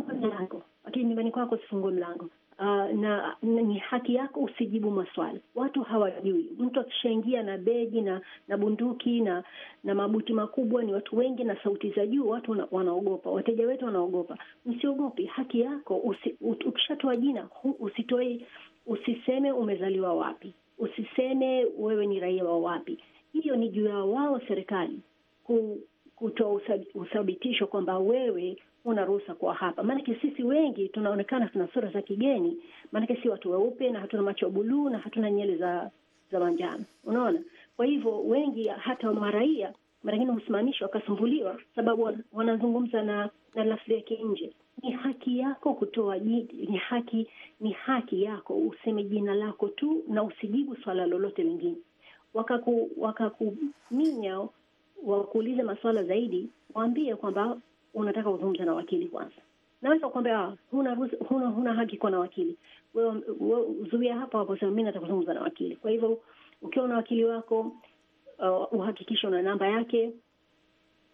um, lakini nyumbani kwako sifungue mlango uh, na, na ni haki yako usijibu maswali. Watu hawajui, mtu akishaingia na begi na na bunduki na na mabuti makubwa, ni watu wengi na sauti za juu, watu wanaogopa, wateja wetu wanaogopa. Msiogopi, haki yako usi, ukishatoa jina usitoe, usiseme umezaliwa wapi, usiseme wewe ni raia wa wapi. Hiyo ni juu ya wao serikali kutoa uthabitisho kwamba wewe una ruhusa kwa hapa. Maanake sisi wengi tunaonekana tuna sura za kigeni, maanake si watu weupe na hatuna macho buluu na hatuna nyele za za manjano, unaona. Kwa hivyo wengi hata maraia mara nyingine husimamishwa wakasumbuliwa, sababu wanazungumza na na lafudhi ya kinje. Ni haki yako kutoa jiji, ni haki ni haki yako useme jina lako tu na usijibu swala lolote lingine. Wakakuminya wakaku, wakuulize maswala zaidi, waambie kwamba unataka kuzungumza na wakili kwanza. Naweza kukwambia huna, huna, huna haki kuwa na wakili zuia hapo hapo, sema mi nataka kuzungumza na wakili. Kwa hivyo ukiwa na wakili wako uh, uhakikishe una namba yake,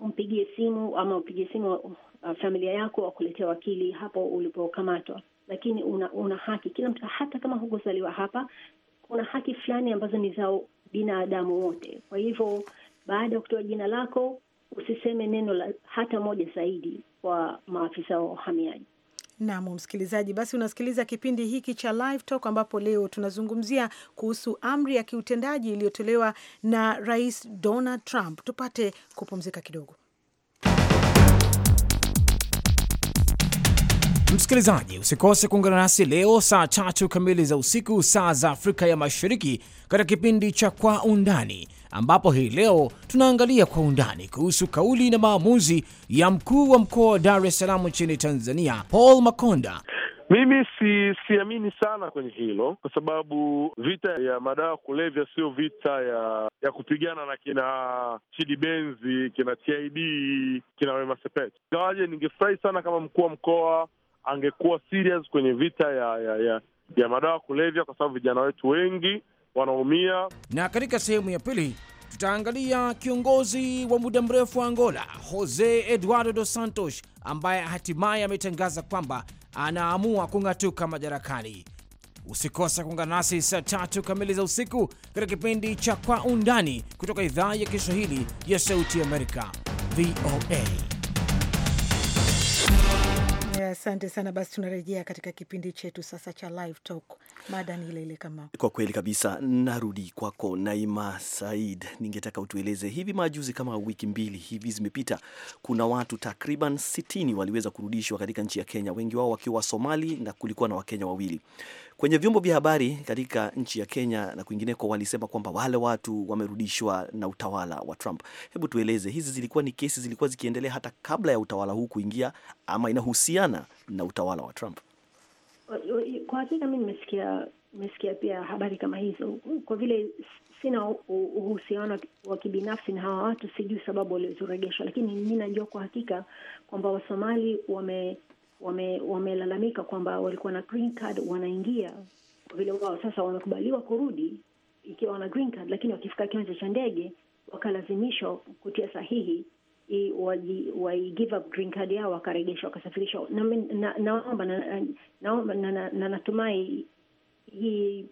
umpigie simu ama upigie simu uh, familia yako wakuletea wakili hapo ulipokamatwa. Lakini una, una haki kila mtu, hata kama hukuzaliwa hapa, kuna haki fulani ambazo ni za binadamu wote. Kwa hivyo baada ya kutoa jina lako usiseme neno la hata moja zaidi kwa maafisa wa uhamiaji. Naam, msikilizaji, basi unasikiliza kipindi hiki cha Live Talk ambapo leo tunazungumzia kuhusu amri ya kiutendaji iliyotolewa na Rais Donald Trump. Tupate kupumzika kidogo. Msikilizaji, usikose kuungana nasi leo saa tatu kamili za usiku, saa za Afrika ya Mashariki, katika kipindi cha Kwa Undani ambapo hii leo tunaangalia kwa undani kuhusu kauli na maamuzi ya mkuu wa mkoa wa Dar es Salaam nchini Tanzania, Paul Makonda. Mimi si siamini sana kwenye hilo kwa sababu vita ya madawa kulevya sio vita ya ya kupigana na kina Chidi Benzi, kina TID, kina Wema Sepetu. Ingawaje ningefurahi sana kama mkuu wa mkoa angekuwa serious kwenye vita ya ya ya, ya madawa kulevya, kwa sababu vijana wetu wengi wanaumia. Na katika sehemu ya pili tutaangalia kiongozi wa muda mrefu wa Angola Jose Eduardo dos Santos ambaye hatimaye ametangaza kwamba anaamua kung'atuka madarakani. Usikose kuungana nasi saa tatu kamili za usiku katika kipindi cha Kwa Undani kutoka idhaa ya Kiswahili ya Sauti Amerika, VOA. Haya, asante sana. Basi tunarejea katika kipindi chetu sasa cha Live Talk. Mada ni ile ile kama kwa kweli kabisa. Narudi kwako Naima Said, ningetaka utueleze hivi majuzi, kama wiki mbili hivi zimepita, kuna watu takriban sitini waliweza kurudishwa katika nchi ya Kenya, wengi wao wakiwa Somali na kulikuwa na Wakenya wawili kwenye vyombo vya habari katika nchi ya Kenya na kwingineko walisema kwamba wale watu wamerudishwa na utawala wa Trump. Hebu tueleze, hizi zilikuwa ni kesi zilikuwa zikiendelea hata kabla ya utawala huu kuingia, ama inahusiana na utawala wa Trump? Kwa hakika mi nimesikia nimesikia pia habari kama hizo. Kwa vile sina uhusiano wa kibinafsi na hawa watu, sijui sababu walizoregeshwa, lakini mi najua kwa hakika kwamba Wasomali wame wamelalamika wame kwamba walikuwa na green card wanaingia vile, wao sasa wamekubaliwa kurudi ikiwa wana green card, lakini wakifika kiwanja cha ndege wakalazimishwa kutia sahihi give up green card yao wakaregeshwa wakasafirishwa. Naomba na natumai hii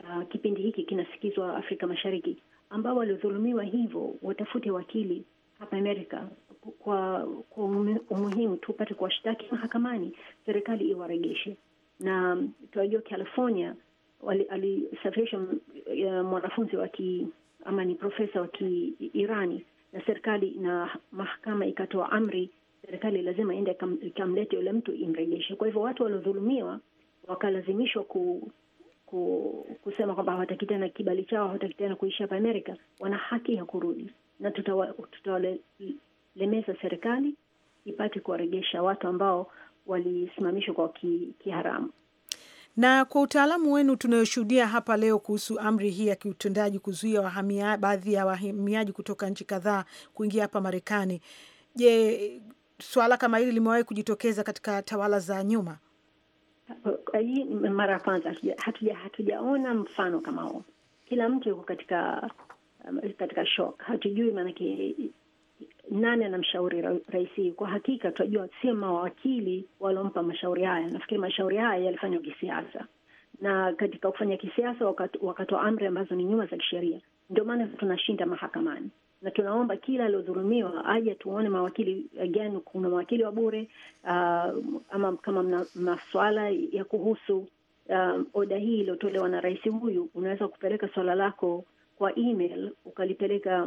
uh, kipindi hiki kinasikizwa Afrika Mashariki, ambao waliodhulumiwa hivyo watafute wakili hapa Amerika kwa kwa umuhimu tupate kuwashtaki mahakamani, serikali iwaregeshe. Na tunajua California alisafirisha mwanafunzi wa ki ama ni profesa wa Kiirani na serikali na mahakama ikatoa amri, serikali lazima ende ikamlete yule mtu imregeshe Kwa hivyo watu waliodhulumiwa wakalazimishwa ku, ku, kusema kwamba hawataki tena kibali chao, hawataki tena kuishi hapa Amerika, wana haki ya kurudi na tutawa lemeza serikali ipate kuwaregesha watu ambao walisimamishwa kwa kiharamu na kwa utaalamu wenu tunayoshuhudia hapa leo kuhusu amri hii ya kiutendaji kuzuia baadhi ya wahamiaji kutoka nchi kadhaa kuingia hapa Marekani, je, suala kama hili limewahi kujitokeza katika tawala za nyuma? Hii mara ya kwanza, hatujaona hatuja, hatuja mfano kama huo. Kila mtu yuko katika um, katika shok, hatujui maanake nani anamshauri rais? Kwa hakika tunajua sio mawakili waliompa mashauri haya. Nafikiri mashauri haya yalifanywa kisiasa, na katika kufanya kisiasa wakatoa wakato amri ambazo ni nyuma za kisheria. Ndio maana tunashinda mahakamani na tunaomba kila aliodhulumiwa aje tuone mawakili gani. Kuna mawakili wa bure uh, ama kama mna maswala ya kuhusu uh, oda hii iliyotolewa na rais huyu, unaweza kupeleka swala lako kwa email ukalipeleka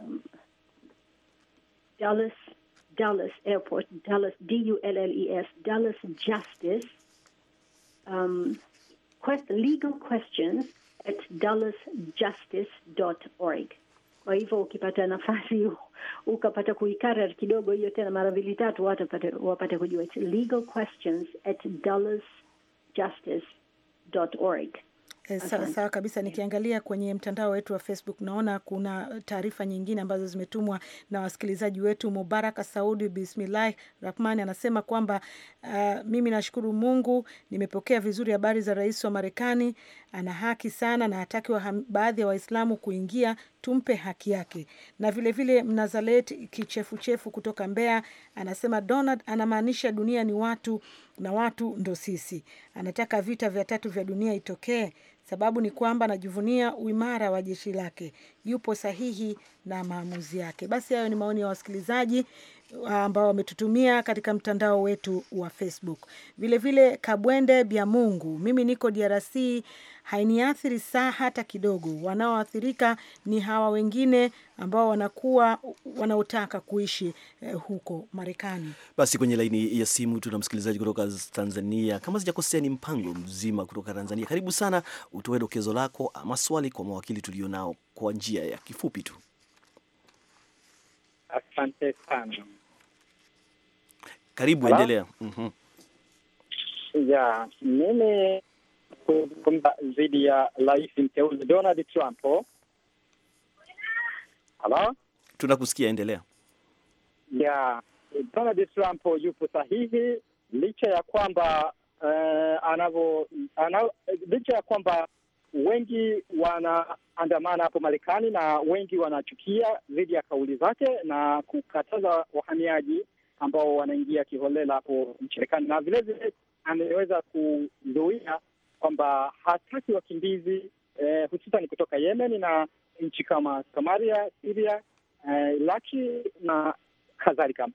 um, Dulles, Dulles Airport, Dulles, D U L L E S, Dulles Justice, um, quest, legal questions at dullasjustice.org. Kwa hivyo ukipata nafasi ukapata kuikarar kidogo hiyo tena mara mbili tatu, watu wapate kujua. It's legal questions at org. Eh, sawa sawa kabisa. Nikiangalia kwenye mtandao wetu wa Facebook naona kuna taarifa nyingine ambazo zimetumwa na wasikilizaji wetu. Mubaraka Saudi Bismillah Rahman anasema kwamba uh, mimi nashukuru Mungu nimepokea vizuri habari za rais wa Marekani. Ana haki sana na hataki baadhi ya wa Waislamu kuingia, tumpe haki yake. Na vilevile Mnazaret Kichefuchefu kutoka Mbeya anasema Donald anamaanisha dunia ni watu na watu ndo sisi, anataka vita vya tatu vya dunia itokee. Sababu ni kwamba anajivunia uimara wa jeshi lake, yupo sahihi na maamuzi yake. Basi hayo ni maoni ya wasikilizaji ambao wametutumia katika mtandao wetu wa Facebook. Vilevile vile, Kabwende Bya Mungu, mimi niko DRC, hainiathiri saa hata kidogo. Wanaoathirika ni hawa wengine ambao wanakuwa wanaotaka kuishi eh, huko Marekani. Basi kwenye laini ya simu tuna msikilizaji kutoka Tanzania, kama sijakosea ni mpango mzima kutoka Tanzania. Karibu sana, utoe dokezo lako ama swali kwa mawakili tulionao kwa njia ya kifupi tu. Asante sana. Karibu Endelea. Mhm. Ya mimi kuzungumza dhidi ya rais mteule Donald Trump. Halo, tunakusikia, endelea. Ya Donald Trump yupo sahihi licha ya kwamba uh, ana, licha ya kwamba wengi wanaandamana hapo Marekani na wengi wanachukia dhidi ya kauli zake na kukataza wahamiaji ambao wanaingia kiholela hapo mcherekani na vilevile ameweza kuzuia kwamba hataki wakimbizi eh, hususan kutoka Yemen na nchi kama Somalia, Siria, eh, Iraki na kadhalika.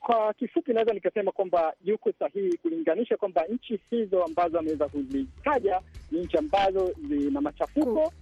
Kwa kifupi, naweza nikasema kwamba yuko sahihi kulinganisha kwamba nchi hizo ambazo ameweza kuzitaja ni nchi ambazo zina machafuko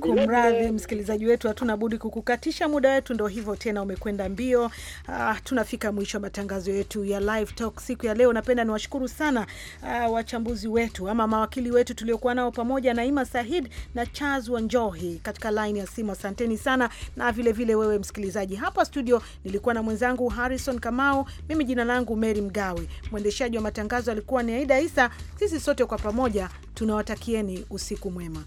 Kumradhi msikilizaji wetu, hatuna budi kukukatisha muda wetu, ndo hivyo tena, umekwenda mbio. Uh, tunafika mwisho wa matangazo yetu ya Live Talk siku ya leo. Napenda niwashukuru sana uh, wachambuzi wetu ama mawakili wetu tuliokuwa nao pamoja, Naima Sahid na Charles Wanjohi katika laini ya simu. Asanteni sana, na vilevile vile wewe msikilizaji. Hapa studio nilikuwa na mwenzangu Harrison Kamau, mimi jina langu Mary Mgawe, mwendeshaji wa matangazo alikuwa ni Aida Isa. Sisi sote kwa pamoja tunawatakieni usiku mwema.